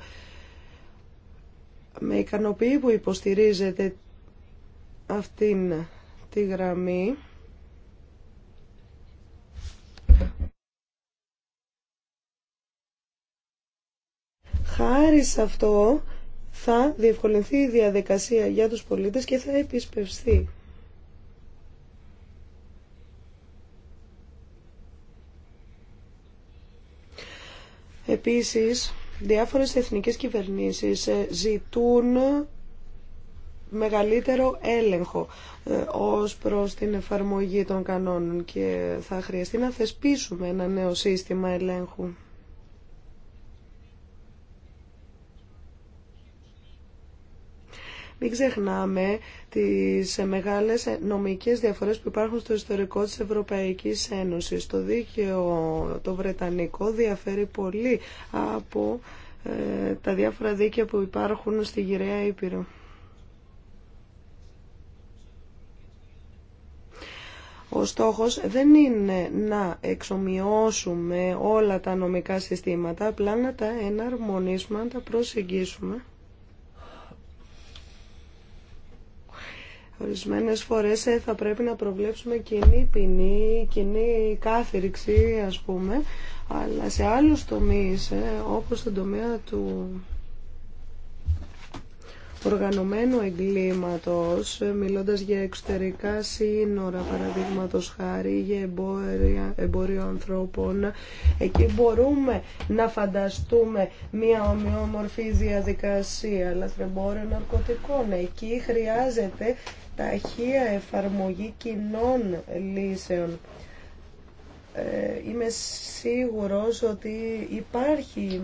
S2: με ικανοποιεί που υποστηρίζεται αυτήν τη γραμμή. Χάρη σε αυτό θα διευκολυνθεί η διαδικασία για τους πολίτες και θα επισπευστεί. Επίσης, διάφορες εθνικές κυβερνήσεις ε, ζητούν μεγαλύτερο έλεγχο ε, ως προς την εφαρμογή των κανόνων και θα χρειαστεί να θεσπίσουμε ένα νέο σύστημα ελέγχου. Μην ξεχνάμε τις μεγάλες νομικές διαφορές που υπάρχουν στο ιστορικό της Ευρωπαϊκής Ένωσης. Το δίκαιο το βρετανικό διαφέρει πολύ από ε, τα διάφορα δίκαια που υπάρχουν στη Γυραιά Ήπειρο. Ο στόχος δεν είναι να εξομοιώσουμε όλα τα νομικά συστήματα, απλά να τα εναρμονίσουμε, να τα προσεγγίσουμε. Ορισμένε φορές ε, θα πρέπει να προβλέψουμε κοινή ποινή, κοινή κάθριξη α πούμε, αλλά σε άλλους τομείς ε, όπως στον τομέα του οργανωμένου εγκλήματος, ε, μιλώντας για εξωτερικά σύνορα, παραδείγματος χάρη, για εμπόριο ανθρώπων, εκεί μπορούμε να φανταστούμε μια ομοιόμορφη διαδικασία εμπόριο ναρκωτικών. Εκεί χρειάζεται ταχεία εφαρμογή κοινών λύσεων. Ε, είμαι σίγουρος ότι υπάρχει,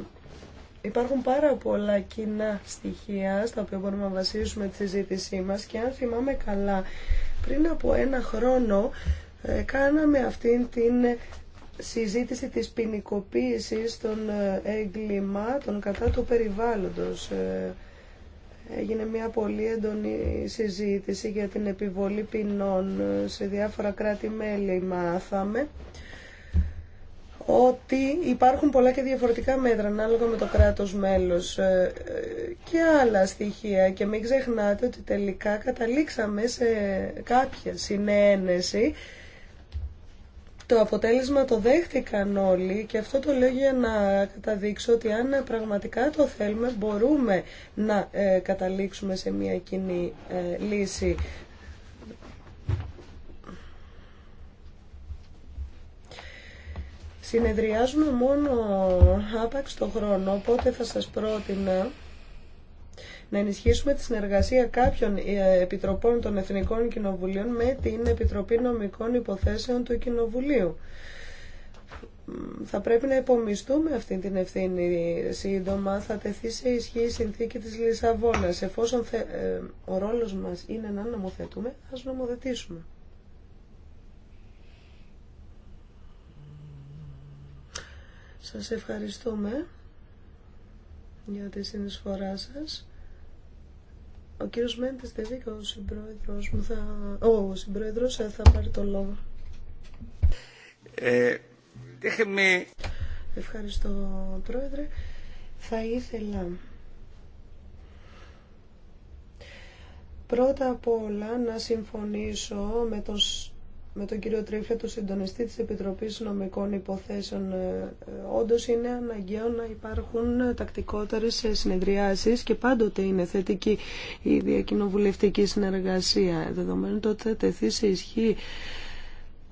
S2: υπάρχουν πάρα πολλά κοινά στοιχεία στα οποία μπορούμε να βασίσουμε τη συζήτησή μας και αν θυμάμαι καλά πριν από ένα χρόνο ε, κάναμε αυτήν την συζήτηση της ποινικοποίηση των εγκλημάτων κατά του περιβάλλοντος ε, έγινε μια πολύ έντονη συζήτηση για την επιβολή ποινών σε διάφορα κράτη-μέλη μάθαμε ότι υπάρχουν πολλά και διαφορετικά μέτρα ανάλογα με το κράτος μέλος ε, και άλλα στοιχεία και μην ξεχνάτε ότι τελικά καταλήξαμε σε κάποια συνένεση το αποτέλεσμα το δέχτηκαν όλοι και αυτό το λέω για να καταδείξω ότι αν πραγματικά το θέλουμε μπορούμε να ε, καταλήξουμε σε μια κοινή ε, λύση. Συνεδριάζουμε μόνο άπαξ το χρόνο, οπότε θα σας πρότεινα να ενισχύσουμε τη συνεργασία κάποιων ε, επιτροπών των Εθνικών Κοινοβουλίων με την Επιτροπή Νομικών Υποθέσεων του Κοινοβουλίου. Θα πρέπει να υπομιστούμε αυτή την ευθύνη σύντομα. Θα τεθεί σε ισχύ η συνθήκη της Λισαβόνας. Εφόσον ε, ο ρόλος μας είναι να νομοθετούμε, ας νομοθετήσουμε. Σας ευχαριστούμε για τη συνεισφορά σας. Ο κύριος Μέντες Δεβίκα, ο συμπρόεδρος μου, θα... Ο, συμπρόεδρο ε, θα πάρει το λόγο. Ε, Ευχαριστώ, πρόεδρε. Θα ήθελα... Πρώτα απ' όλα να συμφωνήσω με τον με τον κύριο Τρίφια, το συντονιστή της Επιτροπής Νομικών Υποθέσεων. Ε, ε, όντως είναι αναγκαίο να υπάρχουν τακτικότερες ε, συνεδριάσεις και πάντοτε είναι θετική η διακοινοβουλευτική συνεργασία. Δεδομένου ότι θα τεθεί σε ισχύ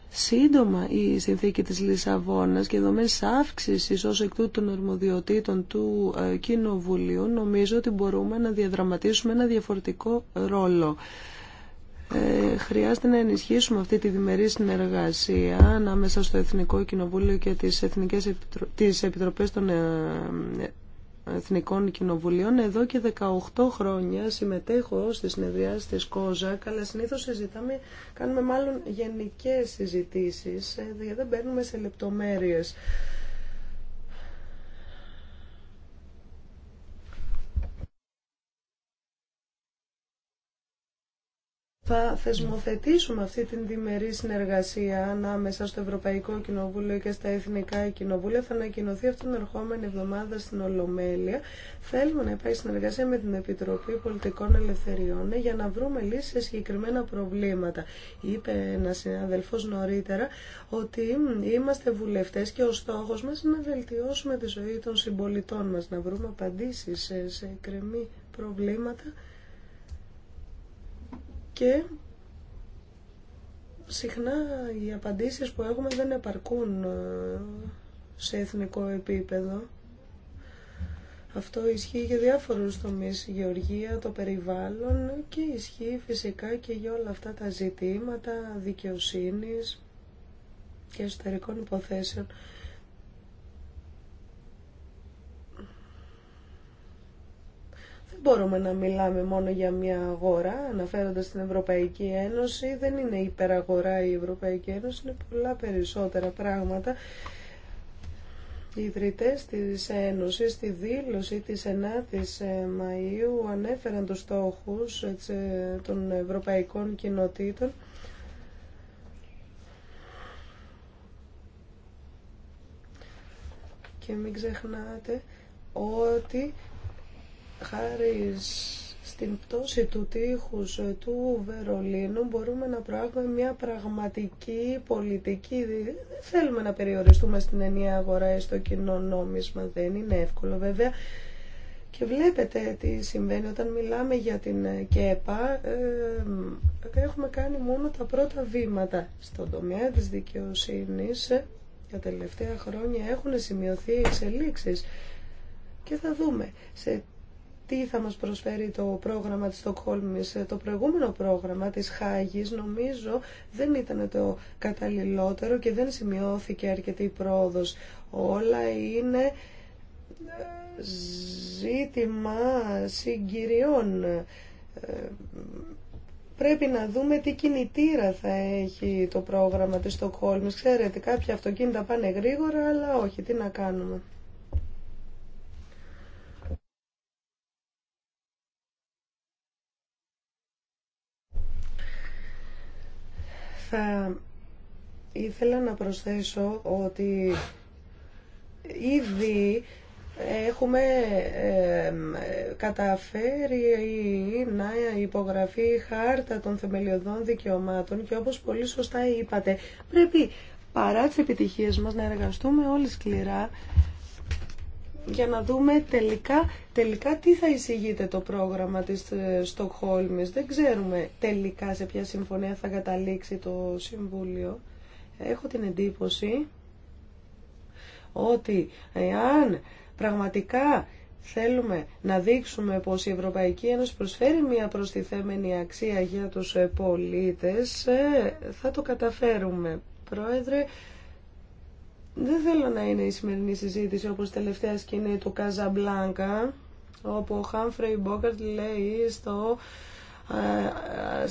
S2: σύντομα η συνθήκη της Λισαβόνας και δομές αύξησης ως εκ τούτου των ορμοδιοτήτων του Κοινοβουλίου νομίζω ότι μπορούμε να διαδραματίσουμε ένα διαφορετικό ρόλο. Ε, χρειάζεται να ενισχύσουμε αυτή τη διμερή συνεργασία ανάμεσα στο Εθνικό Κοινοβούλιο και τις, Εθνικές τις Επιτροπές των ε, ε, Εθνικών Κοινοβουλίων. Εδώ και 18 χρόνια συμμετέχω στη συνεδριάση της ΚΟΖΑΚ, αλλά συνήθως συζητάμε, κάνουμε μάλλον γενικές συζητήσεις, δεν μπαίνουμε σε λεπτομέρειες. θα θεσμοθετήσουμε αυτή την διμερή συνεργασία ανάμεσα στο Ευρωπαϊκό Κοινοβούλιο και στα Εθνικά Κοινοβούλια. Θα ανακοινωθεί αυτήν την ερχόμενη εβδομάδα στην Ολομέλεια. Θέλουμε να υπάρχει συνεργασία με την Επιτροπή Πολιτικών Ελευθεριών για να βρούμε λύσει σε συγκεκριμένα προβλήματα. Είπε ένα συναδελφό νωρίτερα ότι είμαστε βουλευτές και ο στόχο μα είναι να βελτιώσουμε τη ζωή των συμπολιτών μα να βρούμε απαντήσει σε, σε προβλήματα και συχνά οι απαντήσεις που έχουμε δεν επαρκούν ε, σε εθνικό επίπεδο. Αυτό ισχύει για διάφορους τομείς, γεωργία, το περιβάλλον και ισχύει φυσικά και για όλα αυτά τα ζητήματα δικαιοσύνης και εσωτερικών υποθέσεων. μπορούμε να μιλάμε μόνο για μια αγορά, αναφέροντας την Ευρωπαϊκή Ένωση. Δεν είναι υπεραγορά η Ευρωπαϊκή Ένωση, είναι πολλά περισσότερα πράγματα. Οι ιδρυτές της Ένωσης στη δήλωση της 9ης ε, Μαΐου ανέφεραν τους στόχους των ευρωπαϊκών κοινοτήτων και μην ξεχνάτε ότι χάρη στην πτώση του τείχους του Βερολίνου μπορούμε να προάγουμε μια πραγματική πολιτική. Δεν θέλουμε να περιοριστούμε στην ενιαία αγορά ή στο κοινό νόμισμα. Δεν είναι εύκολο βέβαια. Και βλέπετε τι συμβαίνει όταν μιλάμε για την ΚΕΠΑ. Ε, έχουμε κάνει μόνο τα πρώτα βήματα στον τομέα της δικαιοσύνης. Τα τελευταία χρόνια έχουν σημειωθεί εξελίξεις. Και θα δούμε σε τι θα μας προσφέρει το πρόγραμμα της Στοκχόλμης. Το προηγούμενο πρόγραμμα της Χάγης νομίζω δεν ήταν το καταλληλότερο και δεν σημειώθηκε αρκετή πρόοδος. Όλα είναι ε, ζήτημα συγκυριών. Ε, πρέπει να δούμε τι κινητήρα θα έχει το πρόγραμμα της Στοκχόλμης. Ξέρετε, κάποια αυτοκίνητα πάνε γρήγορα, αλλά όχι, τι να κάνουμε. Θα ήθελα να προσθέσω ότι ήδη έχουμε καταφέρει να υπογραφεί η χάρτα των θεμελιωδών δικαιωμάτων και όπως πολύ σωστά είπατε πρέπει παρά τις επιτυχίες μας να εργαστούμε όλοι σκληρά για να δούμε τελικά, τελικά τι θα εισηγείται το πρόγραμμα της ε, Στοκχόλμης. Δεν ξέρουμε τελικά σε ποια συμφωνία θα καταλήξει το Συμβούλιο. Έχω την εντύπωση ότι εάν πραγματικά θέλουμε να δείξουμε πως η Ευρωπαϊκή Ένωση προσφέρει μια προστιθέμενη αξία για τους ε, πολίτες, ε, θα το καταφέρουμε. Πρόεδρε, δεν θέλω να είναι η σημερινή συζήτηση όπως τελευταία σκηνή του Καζαμπλάνκα, όπου ο Χάμφρεϊ Μπόκαρτ λέει στο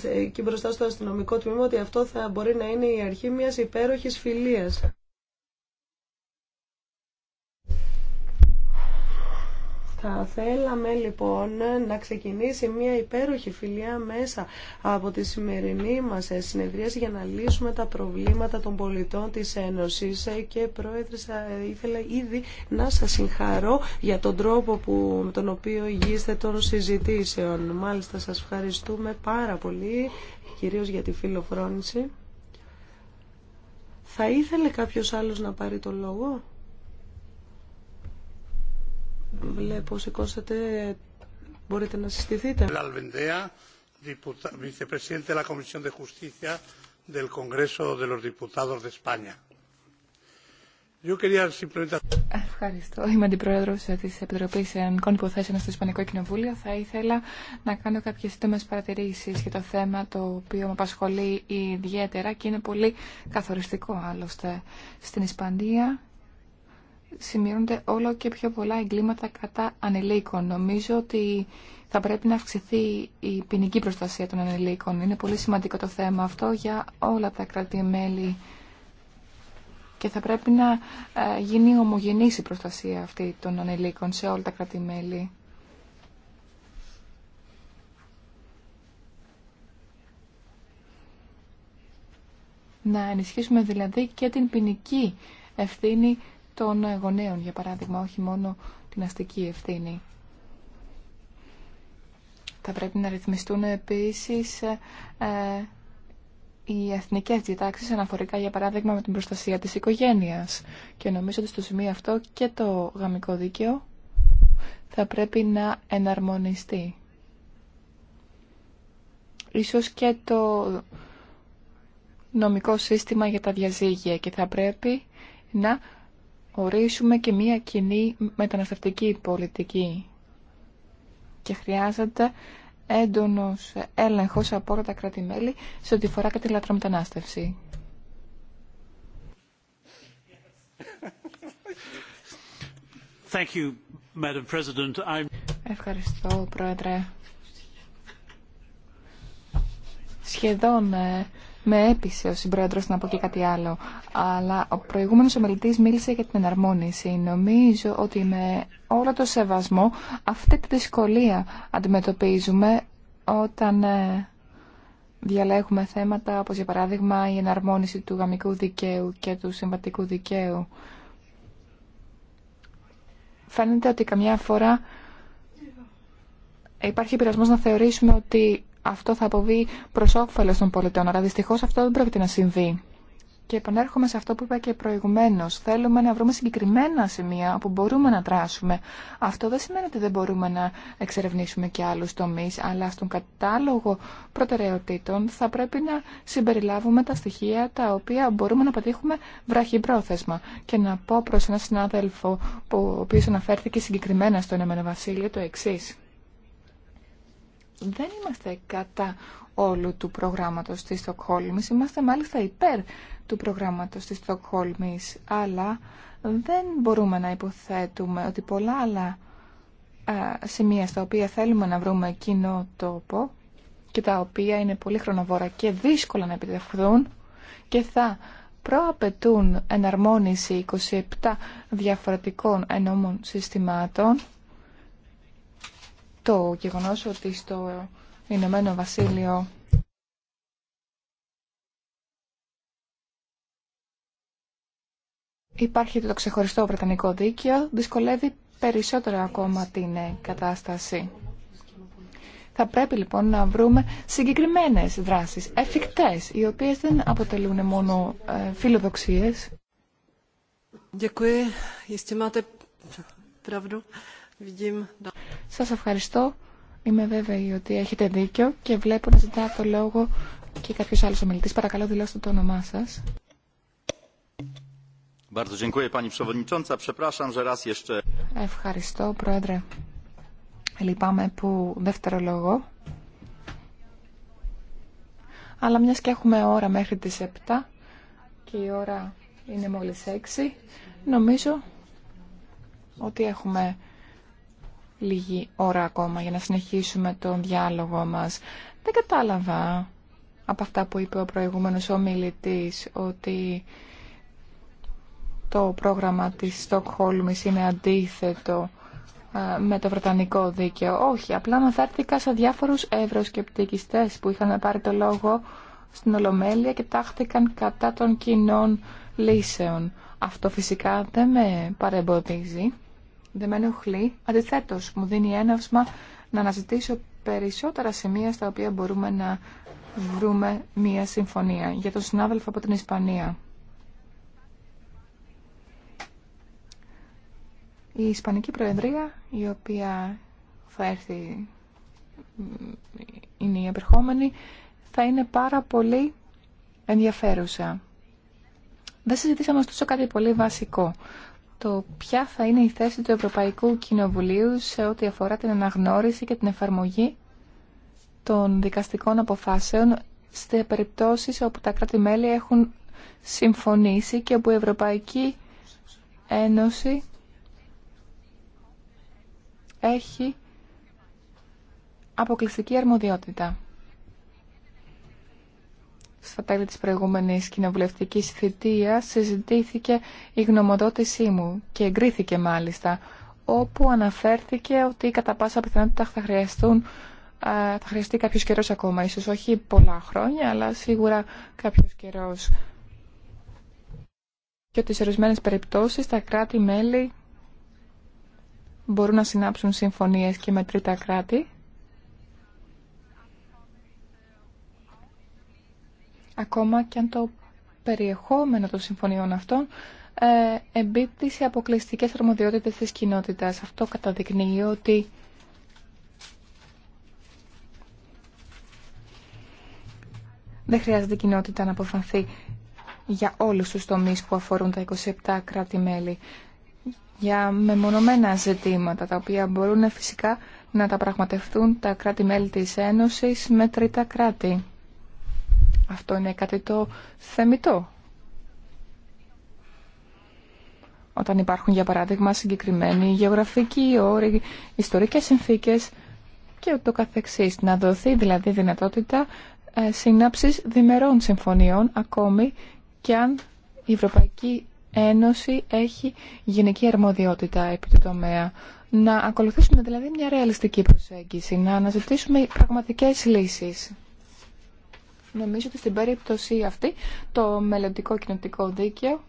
S2: ε, ε, εκεί μπροστά στο αστυνομικό τμήμα ότι αυτό θα μπορεί να είναι η αρχή μιας υπέροχης φιλίας. Θα θέλαμε λοιπόν να ξεκινήσει μια υπέροχη φιλία μέσα από τη σημερινή μας συνεδρία για να λύσουμε τα προβλήματα των πολιτών της Ένωσης και Πρόεδρε ήθελα ήδη να σας συγχαρώ για τον τρόπο που, με τον οποίο υγείστε των συζητήσεων. Μάλιστα σας ευχαριστούμε πάρα πολύ κυρίως για τη φιλοφρόνηση. Θα ήθελε κάποιος άλλος να πάρει το λόγο. Βλέπω, σηκώσατε. Μπορείτε να συστηθείτε.
S3: Ευχαριστώ. Είμαι αντιπρόεδρο τη Επιτροπή Ενικών Υποθέσεων στο Ισπανικό Κοινοβούλιο. Θα ήθελα να κάνω κάποιε σύντομε παρατηρήσει για το θέμα το οποίο με απασχολεί ιδιαίτερα και είναι πολύ καθοριστικό άλλωστε. Στην Ισπανία σημειώνονται όλο και πιο πολλά εγκλήματα κατά ανηλίκων. Νομίζω ότι θα πρέπει να αυξηθεί η ποινική προστασία των ανηλίκων. Είναι πολύ σημαντικό το θέμα αυτό για όλα τα κρατη και θα πρέπει να ε, γίνει ομογενής η προστασία αυτή των ανηλίκων σε όλα τα κράτη-μέλη. Να ενισχύσουμε δηλαδή και την ποινική ευθύνη των γονέων, για παράδειγμα, όχι μόνο την αστική ευθύνη. Θα πρέπει να ρυθμιστούν επίσης ε, οι εθνικές διετάξεις, αναφορικά, για παράδειγμα, με την προστασία της οικογένειας. Και νομίζω ότι στο σημείο αυτό και το γαμικό δίκαιο θα πρέπει να εναρμονιστεί. Ίσως και το νομικό σύστημα για τα διαζύγια και θα πρέπει να ορίσουμε και μία κοινή μεταναστευτική πολιτική και χρειάζεται έντονος έλεγχος από όλα τα κράτη-μέλη σε ό,τι φορά και τη λατρομετανάστευση. Thank you, Madam President. Ευχαριστώ, Πρόεδρε. Σχεδόν ε, με έπεισε ο συμπρόεδρο να πω και κάτι άλλο. Αλλά ο προηγούμενος ομιλητή μίλησε για την εναρμόνιση. Νομίζω ότι με όλο το σεβασμό αυτή τη δυσκολία αντιμετωπίζουμε όταν ε, διαλέγουμε θέματα όπως για παράδειγμα η εναρμόνιση του γαμικού δικαίου και του συμβατικού δικαίου. Φαίνεται ότι καμιά φορά υπάρχει πειρασμός να θεωρήσουμε ότι αυτό θα αποβεί προ όφελο των πολιτών, αλλά δυστυχώ αυτό δεν πρόκειται να συμβεί. Και επανέρχομαι σε αυτό που είπα και προηγουμένω. Θέλουμε να βρούμε συγκεκριμένα σημεία που μπορούμε να τράσουμε. Αυτό δεν σημαίνει ότι δεν μπορούμε να εξερευνήσουμε και άλλου τομεί, αλλά στον κατάλογο προτεραιοτήτων θα πρέπει να συμπεριλάβουμε τα στοιχεία τα οποία μπορούμε να πετύχουμε βραχυπρόθεσμα. Και να πω προ έναν συνάδελφο, ο οποίο αναφέρθηκε συγκεκριμένα στο Ηνωμένο Βασίλειο, το εξή δεν είμαστε κατά όλου του προγράμματος της Στοκχόλμης. Είμαστε μάλιστα υπέρ του προγράμματος της Στοκχόλμης, αλλά δεν μπορούμε να υποθέτουμε ότι πολλά άλλα ε, σημεία στα οποία θέλουμε να βρούμε κοινό τόπο και τα οποία είναι πολύ χρονοβόρα και δύσκολα να επιτευχθούν και θα προαπαιτούν εναρμόνιση 27 διαφορετικών ενόμων συστημάτων το γεγονός ότι στο Ηνωμένο Βασίλειο υπάρχει το ξεχωριστό Βρετανικό δίκαιο, δυσκολεύει περισσότερο ακόμα την κατάσταση. Θα πρέπει λοιπόν να βρούμε συγκεκριμένες δράσεις, εφικτές, οι οποίες δεν αποτελούν μόνο ε, φιλοδοξίες. Σας ευχαριστώ. Είμαι βέβαιη ότι έχετε δίκιο και βλέπω να ζητά το λόγο και κάποιο άλλο ομιλητή. Παρακαλώ δηλώστε το όνομά σα. Ευχαριστώ, Πρόεδρε. Λυπάμαι που δεύτερο λόγο. Αλλά μιας και έχουμε ώρα μέχρι τις 7 και η ώρα είναι μόλις 6, νομίζω ότι έχουμε λίγη ώρα ακόμα για να συνεχίσουμε τον διάλογο μας. Δεν κατάλαβα από αυτά που είπε ο προηγούμενος ομιλητής ότι το πρόγραμμα της Στοκχόλμης είναι αντίθετο ε, με το Βρετανικό δίκαιο. Όχι, απλά αναφέρθηκα σε διάφορους ευρωσκεπτικιστές που είχαν πάρει το λόγο στην Ολομέλεια και τάχθηκαν κατά των κοινών λύσεων. Αυτό φυσικά δεν με παρεμποδίζει δεν με ενοχλεί. Αντιθέτω, μου δίνει έναυσμα να αναζητήσω περισσότερα σημεία στα οποία μπορούμε να βρούμε μία συμφωνία. Για τον συνάδελφο από την Ισπανία. Η Ισπανική Προεδρία, η οποία θα έρθει, είναι η επερχόμενη, θα είναι πάρα πολύ ενδιαφέρουσα. Δεν συζητήσαμε ωστόσο κάτι πολύ βασικό το ποια θα είναι η θέση του Ευρωπαϊκού Κοινοβουλίου σε ό,τι αφορά την αναγνώριση και την εφαρμογή των δικαστικών αποφάσεων σε περιπτώσεις όπου τα κράτη-μέλη έχουν συμφωνήσει και όπου η Ευρωπαϊκή Ένωση έχει αποκλειστική αρμοδιότητα στα τέλη της προηγούμενης κοινοβουλευτικής θητείας συζητήθηκε η γνωμοδότησή μου και εγκρίθηκε μάλιστα όπου αναφέρθηκε ότι κατά πάσα πιθανότητα θα χρειαστούν θα χρειαστεί κάποιος καιρός ακόμα, ίσως όχι πολλά χρόνια, αλλά σίγουρα κάποιος καιρός. Και ότι σε ορισμένες περιπτώσεις τα κράτη-μέλη μπορούν να συνάψουν συμφωνίες και με τρίτα κράτη ακόμα και αν το περιεχόμενο των συμφωνιών αυτών ε, εμπίπτει σε αποκλειστικές αρμοδιότητες της κοινότητας. Αυτό καταδεικνύει ότι δεν χρειάζεται η κοινότητα να αποφανθεί για όλους τους τομείς που αφορούν τα 27 κράτη-μέλη για μεμονωμένα ζητήματα τα οποία μπορούν φυσικά να τα πραγματευτούν τα κράτη-μέλη της Ένωσης με τρίτα κράτη. Αυτό είναι κάτι το θεμητό. Όταν υπάρχουν, για παράδειγμα, συγκεκριμένοι γεωγραφικοί όροι, ιστορικές συνθήκες και ούτω καθεξής. Να δοθεί δηλαδή δυνατότητα ε, συνάψης δημερών συμφωνιών ακόμη και αν η Ευρωπαϊκή Ένωση έχει γενική αρμοδιότητα επί του τομέα. Να ακολουθήσουμε δηλαδή μια ρεαλιστική προσέγγιση, να αναζητήσουμε πραγματικές λύσεις. Νομίζω ότι στην περίπτωση αυτή το μελλοντικό κοινωτικό δίκαιο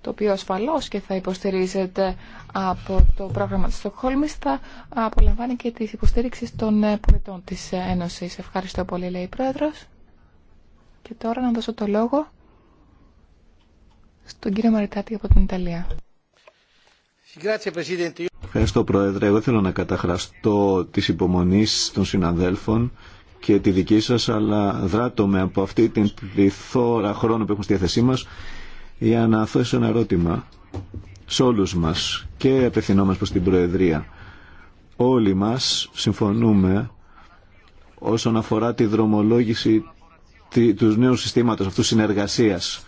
S3: το οποίο ασφαλώς και θα υποστηρίζεται από το πρόγραμμα της Στοκχόλμης, θα απολαμβάνει και τις υποστήριξεις των πολιτών της Ένωσης. Ευχαριστώ πολύ, λέει η Πρόεδρος. Και τώρα να δώσω το λόγο στον κύριο Μαριτάτη από την Ιταλία.
S1: Ευχαριστώ Πρόεδρε. Εγώ θέλω να καταχραστώ τις υπομονής των συναδέλφων και τη δική σας, αλλά δράτω από αυτή την πληθώρα χρόνου που έχουμε στη διάθεσή μας για να θέσω ένα ερώτημα σε όλους μας και απευθυνόμαστε προς την Προεδρία. Όλοι μας συμφωνούμε όσον αφορά τη δρομολόγηση του νέου συστήματος αυτού συνεργασίας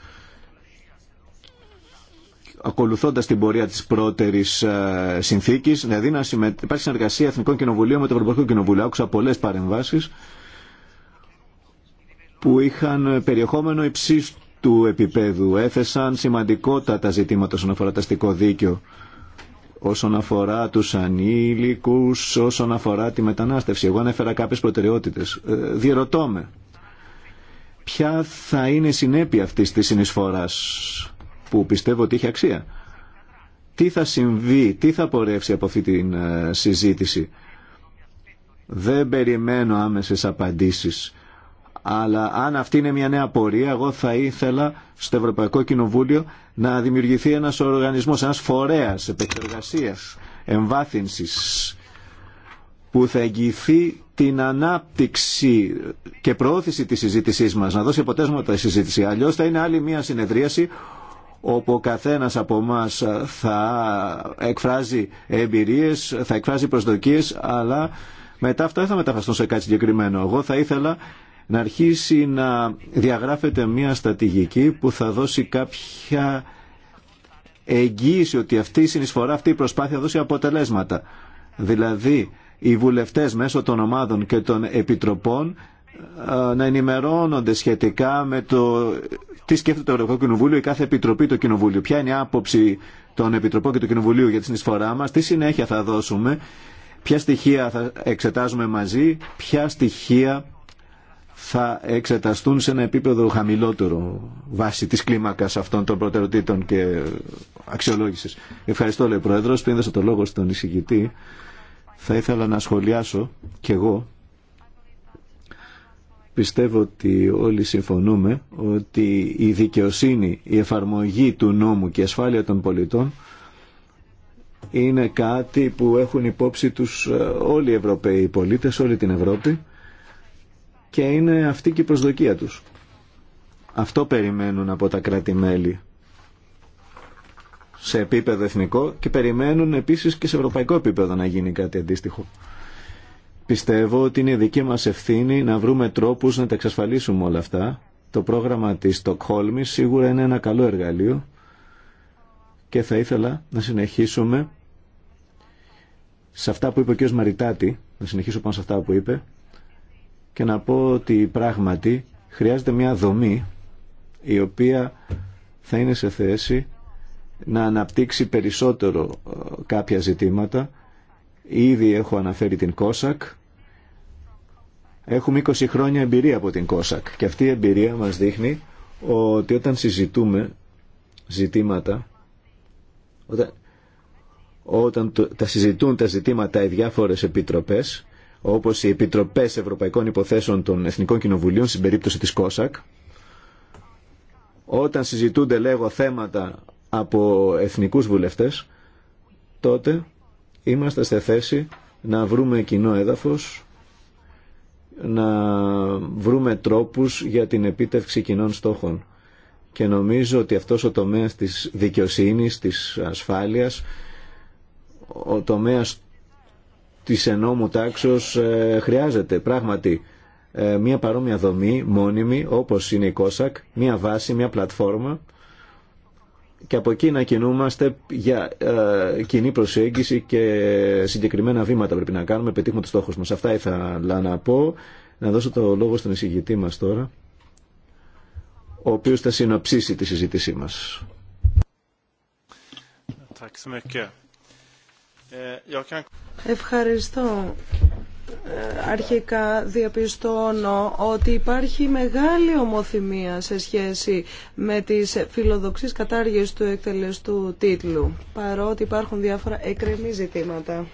S1: Ακολουθώντα την πορεία της πρώτερης ε, συνθήκη, δηλαδή να συμμε... υπάρχει συνεργασία Εθνικών Κοινοβουλίων με το Ευρωπαϊκό Κοινοβούλιο. Άκουσα πολλέ παρεμβάσει που είχαν περιεχόμενο υψή του επίπεδου. Έθεσαν σημαντικότατα ζητήματα όσον αφορά το αστικό δίκαιο, όσον αφορά του ανήλικου, όσον αφορά τη μετανάστευση. Εγώ ανέφερα κάποιες προτεραιότητες. Ε, Διερωτώ με, ποια θα είναι η συνέπεια αυτής της συνεισφοράς που πιστεύω ότι έχει αξία. Τι θα συμβεί, τι θα πορεύσει από αυτή τη ε, συζήτηση. Δεν περιμένω άμεσες απαντήσεις. Αλλά αν αυτή είναι μια νέα πορεία, εγώ θα ήθελα στο Ευρωπαϊκό Κοινοβούλιο να δημιουργηθεί ένας οργανισμός, ένας φορέας επεξεργασίας, εμβάθυνσης, που θα εγγυηθεί την ανάπτυξη και προώθηση της συζήτησής μας, να δώσει αποτέλεσμα στη συζήτηση. Αλλιώς θα είναι άλλη μια συνεδρίαση όπου ο καθένας από εμά θα εκφράζει εμπειρίες, θα εκφράζει προσδοκίες, αλλά μετά αυτό δεν θα μεταφραστώ σε κάτι συγκεκριμένο. Εγώ θα ήθελα να αρχίσει να διαγράφεται μια στατηγική που θα δώσει κάποια εγγύηση ότι αυτή η συνεισφορά, αυτή η προσπάθεια δώσει αποτελέσματα. Δηλαδή, οι βουλευτές μέσω των ομάδων και των επιτροπών ε, να ενημερώνονται σχετικά με το τι σκέφτεται το Ευρωπαϊκό Κοινοβούλιο, η κάθε επιτροπή του Κοινοβούλιο, ποια είναι η άποψη των επιτροπών και του Κοινοβουλίου για τη συνεισφορά μα, τι συνέχεια θα δώσουμε, ποια στοιχεία θα εξετάζουμε μαζί, ποια στοιχεία θα εξεταστούν σε ένα επίπεδο χαμηλότερο βάσει της κλίμακας αυτών των προτεραιοτήτων και αξιολόγησης. Ευχαριστώ, λέει ο Πρόεδρος. Πριν το λόγο στον εισηγητή, θα ήθελα να σχολιάσω κι εγώ Πιστεύω ότι όλοι συμφωνούμε ότι η δικαιοσύνη, η εφαρμογή του νόμου και η ασφάλεια των πολιτών είναι κάτι που έχουν υπόψη τους ε, όλοι οι Ευρωπαίοι πολίτες, όλη την Ευρώπη και είναι αυτή και η προσδοκία τους. Αυτό περιμένουν από τα κράτη-μέλη σε επίπεδο εθνικό και περιμένουν επίσης και σε ευρωπαϊκό επίπεδο να γίνει κάτι αντίστοιχο. Πιστεύω ότι είναι δική μας ευθύνη να βρούμε τρόπους να τα εξασφαλίσουμε όλα αυτά. Το πρόγραμμα της Στοκχόλμη σίγουρα είναι ένα καλό εργαλείο και θα ήθελα να συνεχίσουμε σε αυτά που είπε ο κ. Μαριτάτη, να συνεχίσω πάνω σε αυτά που είπε και να πω ότι πράγματι χρειάζεται μια δομή η οποία θα είναι σε θέση να αναπτύξει περισσότερο ε, κάποια ζητήματα Ήδη έχω αναφέρει την ΚΟΣΑΚ. Έχουμε 20 χρόνια εμπειρία από την ΚΟΣΑΚ και αυτή η εμπειρία μας δείχνει ότι όταν συζητούμε ζητήματα, όταν, όταν τα συζητούν τα ζητήματα οι διάφορες επιτροπές, όπως οι επιτροπές ευρωπαϊκών υποθέσεων των Εθνικών Κοινοβουλίων στην περίπτωση της ΚΟΣΑΚ, όταν συζητούνται λέγω θέματα από εθνικούς βουλευτές, τότε είμαστε σε θέση να βρούμε κοινό έδαφος, να βρούμε τρόπους για την επίτευξη κοινών στόχων. Και νομίζω ότι αυτός ο τομέας της δικαιοσύνης, της ασφάλειας, ο τομέας της ενόμου τάξεως ε, χρειάζεται πράγματι ε, μια παρόμοια δομή, μόνιμη, όπως είναι η ΚΟΣΑΚ, μια βάση, μια πλατφόρμα και από εκεί να κινούμαστε για ε, κοινή προσέγγιση και συγκεκριμένα βήματα πρέπει να κάνουμε, πετύχουμε τους στόχους μας. Αυτά ήθελα να πω. Να δώσω το λόγο στον εισηγητή μας τώρα, ο οποίος θα συνοψίσει τη συζήτησή μας. Eh,
S2: Ευχαριστώ. Ε, αρχικά διαπιστώνω ότι υπάρχει μεγάλη ομοθυμία σε σχέση με τις φιλοδοξίες κατάργειες του εκτελεστού τίτλου, παρότι υπάρχουν διάφορα εκρεμή ζητήματα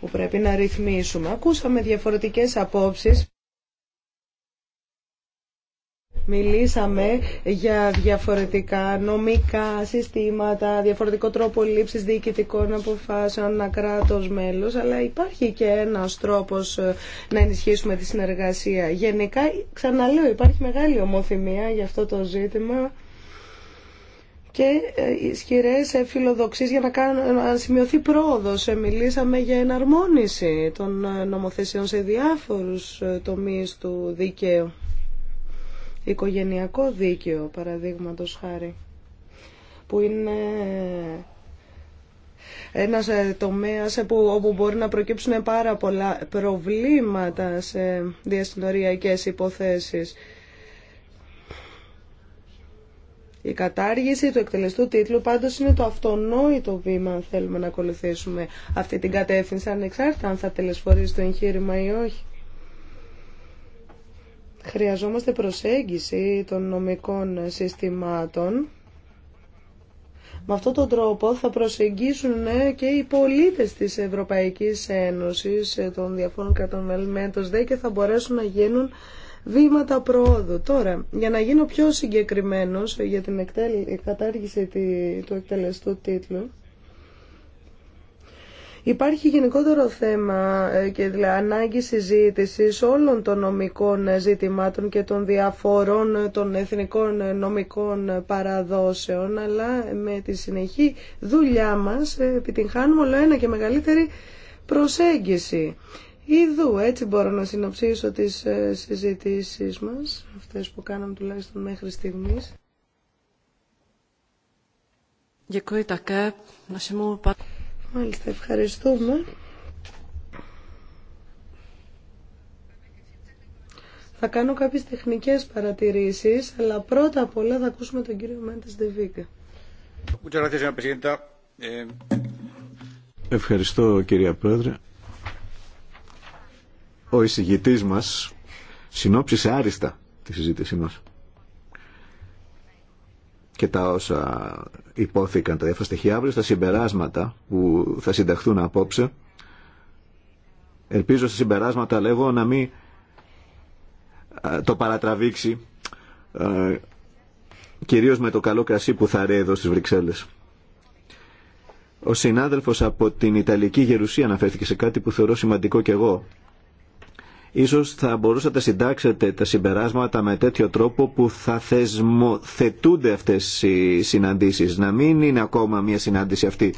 S2: που πρέπει να ρυθμίσουμε. Ακούσαμε διαφορετικές απόψεις. Μιλήσαμε για διαφορετικά νομικά συστήματα, διαφορετικό τρόπο λήψης διοικητικών αποφάσεων, ένα κράτος μέλος, αλλά υπάρχει και ένας τρόπος ε, να ενισχύσουμε τη συνεργασία. Γενικά, ξαναλέω, υπάρχει μεγάλη ομοθυμία για αυτό το ζήτημα και ε, ισχυρέ ε, φιλοδοξίε για να, κάνουν, να σημειωθεί πρόοδο. Μιλήσαμε για εναρμόνιση των νομοθεσιών σε διάφορου τομεί του δικαίου οικογενειακό δίκαιο, παραδείγματος χάρη, που είναι ένας ε, τομέας ε, που, όπου μπορεί να προκύψουν πάρα πολλά προβλήματα σε διασυνοριακέ υποθέσεις. Η κατάργηση του εκτελεστού τίτλου πάντως είναι το αυτονόητο βήμα αν θέλουμε να ακολουθήσουμε αυτή την κατεύθυνση ανεξάρτητα αν θα τελεσφορήσει το εγχείρημα ή όχι. Χρειαζόμαστε προσέγγιση των νομικών συστημάτων. Με αυτόν τον τρόπο θα προσεγγίσουν ναι, και οι πολίτες της Ευρωπαϊκής Ένωσης ε, των διαφόρων κρατών μελμέντος δε και θα μπορέσουν να γίνουν βήματα προόδου. Τώρα, για να γίνω πιο συγκεκριμένος για την κατάργηση του εκτελεστού τίτλου, Υπάρχει γενικότερο θέμα ε, και δηλαδή ανάγκη συζήτησης όλων των νομικών ε, ζητημάτων και των διαφορών ε, των εθνικών νομικών παραδόσεων, αλλά με τη συνεχή δουλειά μας επιτυγχάνουμε όλο ένα και μεγαλύτερη προσέγγιση. Ιδού, έτσι μπορώ να συνοψίσω τις συζητήσεις μας, αυτές που κάναμε τουλάχιστον μέχρι στιγμής. Μάλιστα, ευχαριστούμε. Θα κάνω κάποιες τεχνικές παρατηρήσεις, αλλά πρώτα απ' όλα θα ακούσουμε τον κύριο Μέντες Δεβίγκα.
S1: Ε, Ευχαριστώ κυρία Πρόεδρε. Ο εισηγητής μας συνόψισε άριστα τη συζήτησή μας και τα όσα υπόθηκαν τα διάφορα στοιχεία αύριο στα συμπεράσματα που θα συνταχθούν απόψε. Ελπίζω στα συμπεράσματα λέγω να μην το παρατραβήξει κυρίως με το καλό κρασί που θα ρέει εδώ στις Βρυξέλλες. Ο συνάδελφος από την Ιταλική Γερουσία αναφέρθηκε σε κάτι που θεωρώ σημαντικό και εγώ. Ίσως θα μπορούσατε συντάξετε τα συμπεράσματα με τέτοιο τρόπο που θα θεσμοθετούνται αυτές οι συναντήσεις. Να μην είναι ακόμα μια συνάντηση αυτή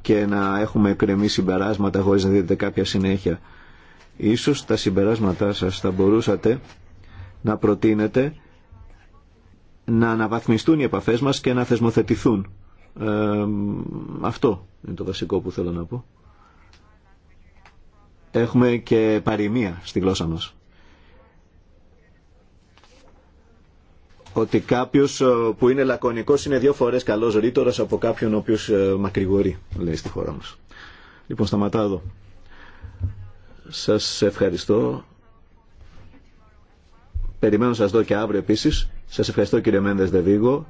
S1: και να έχουμε κρεμί συμπεράσματα χωρίς να δείτε κάποια συνέχεια. Ίσως τα συμπεράσματά σας θα μπορούσατε να προτείνετε να αναβαθμιστούν οι επαφές μας και να θεσμοθετηθούν. Ε, αυτό είναι το βασικό που θέλω να πω έχουμε και παροιμία στη γλώσσα μας. Ότι κάποιος ε, που είναι λακωνικός είναι δύο φορές καλός ρήτορας από κάποιον ο οποίος ε, μακρηγορεί, λέει στη χώρα μας. Λοιπόν, σταματάω εδώ. Σας ευχαριστώ. Περιμένω σας δω και αύριο επίσης. Σας ευχαριστώ κύριε Μέντες Δεβίγο.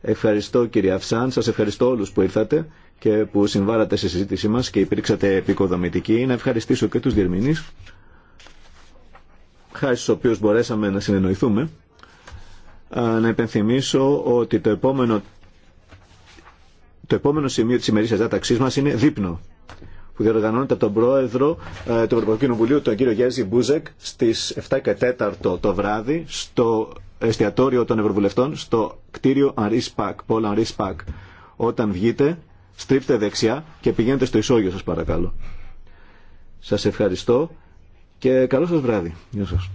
S1: Ευχαριστώ κύριε Αυσάν, σας ευχαριστώ όλους που ήρθατε και που συμβάρατε στη συζήτησή μας και υπήρξατε επικοδομητικοί. Να ευχαριστήσω και τους διερμηνείς, χάρη στους οποίους μπορέσαμε να συνεννοηθούμε. Να υπενθυμίσω ότι το επόμενο, το επόμενο σημείο της ημερήσιας διάταξής μας είναι δείπνο που διοργανώνεται από τον πρόεδρο ε, του Ευρωπαϊκού Κοινοβουλίου, τον κύριο Γέρζι Μπούζεκ, στις 7 και 4 το βράδυ, στο εστιατόριο των Ευρωβουλευτών στο κτίριο Henri Spack, Paul Henri Όταν βγείτε, στρίψτε δεξιά και πηγαίνετε στο ισόγειο σας παρακαλώ. Σας ευχαριστώ και καλό σας βράδυ. Γεια σας.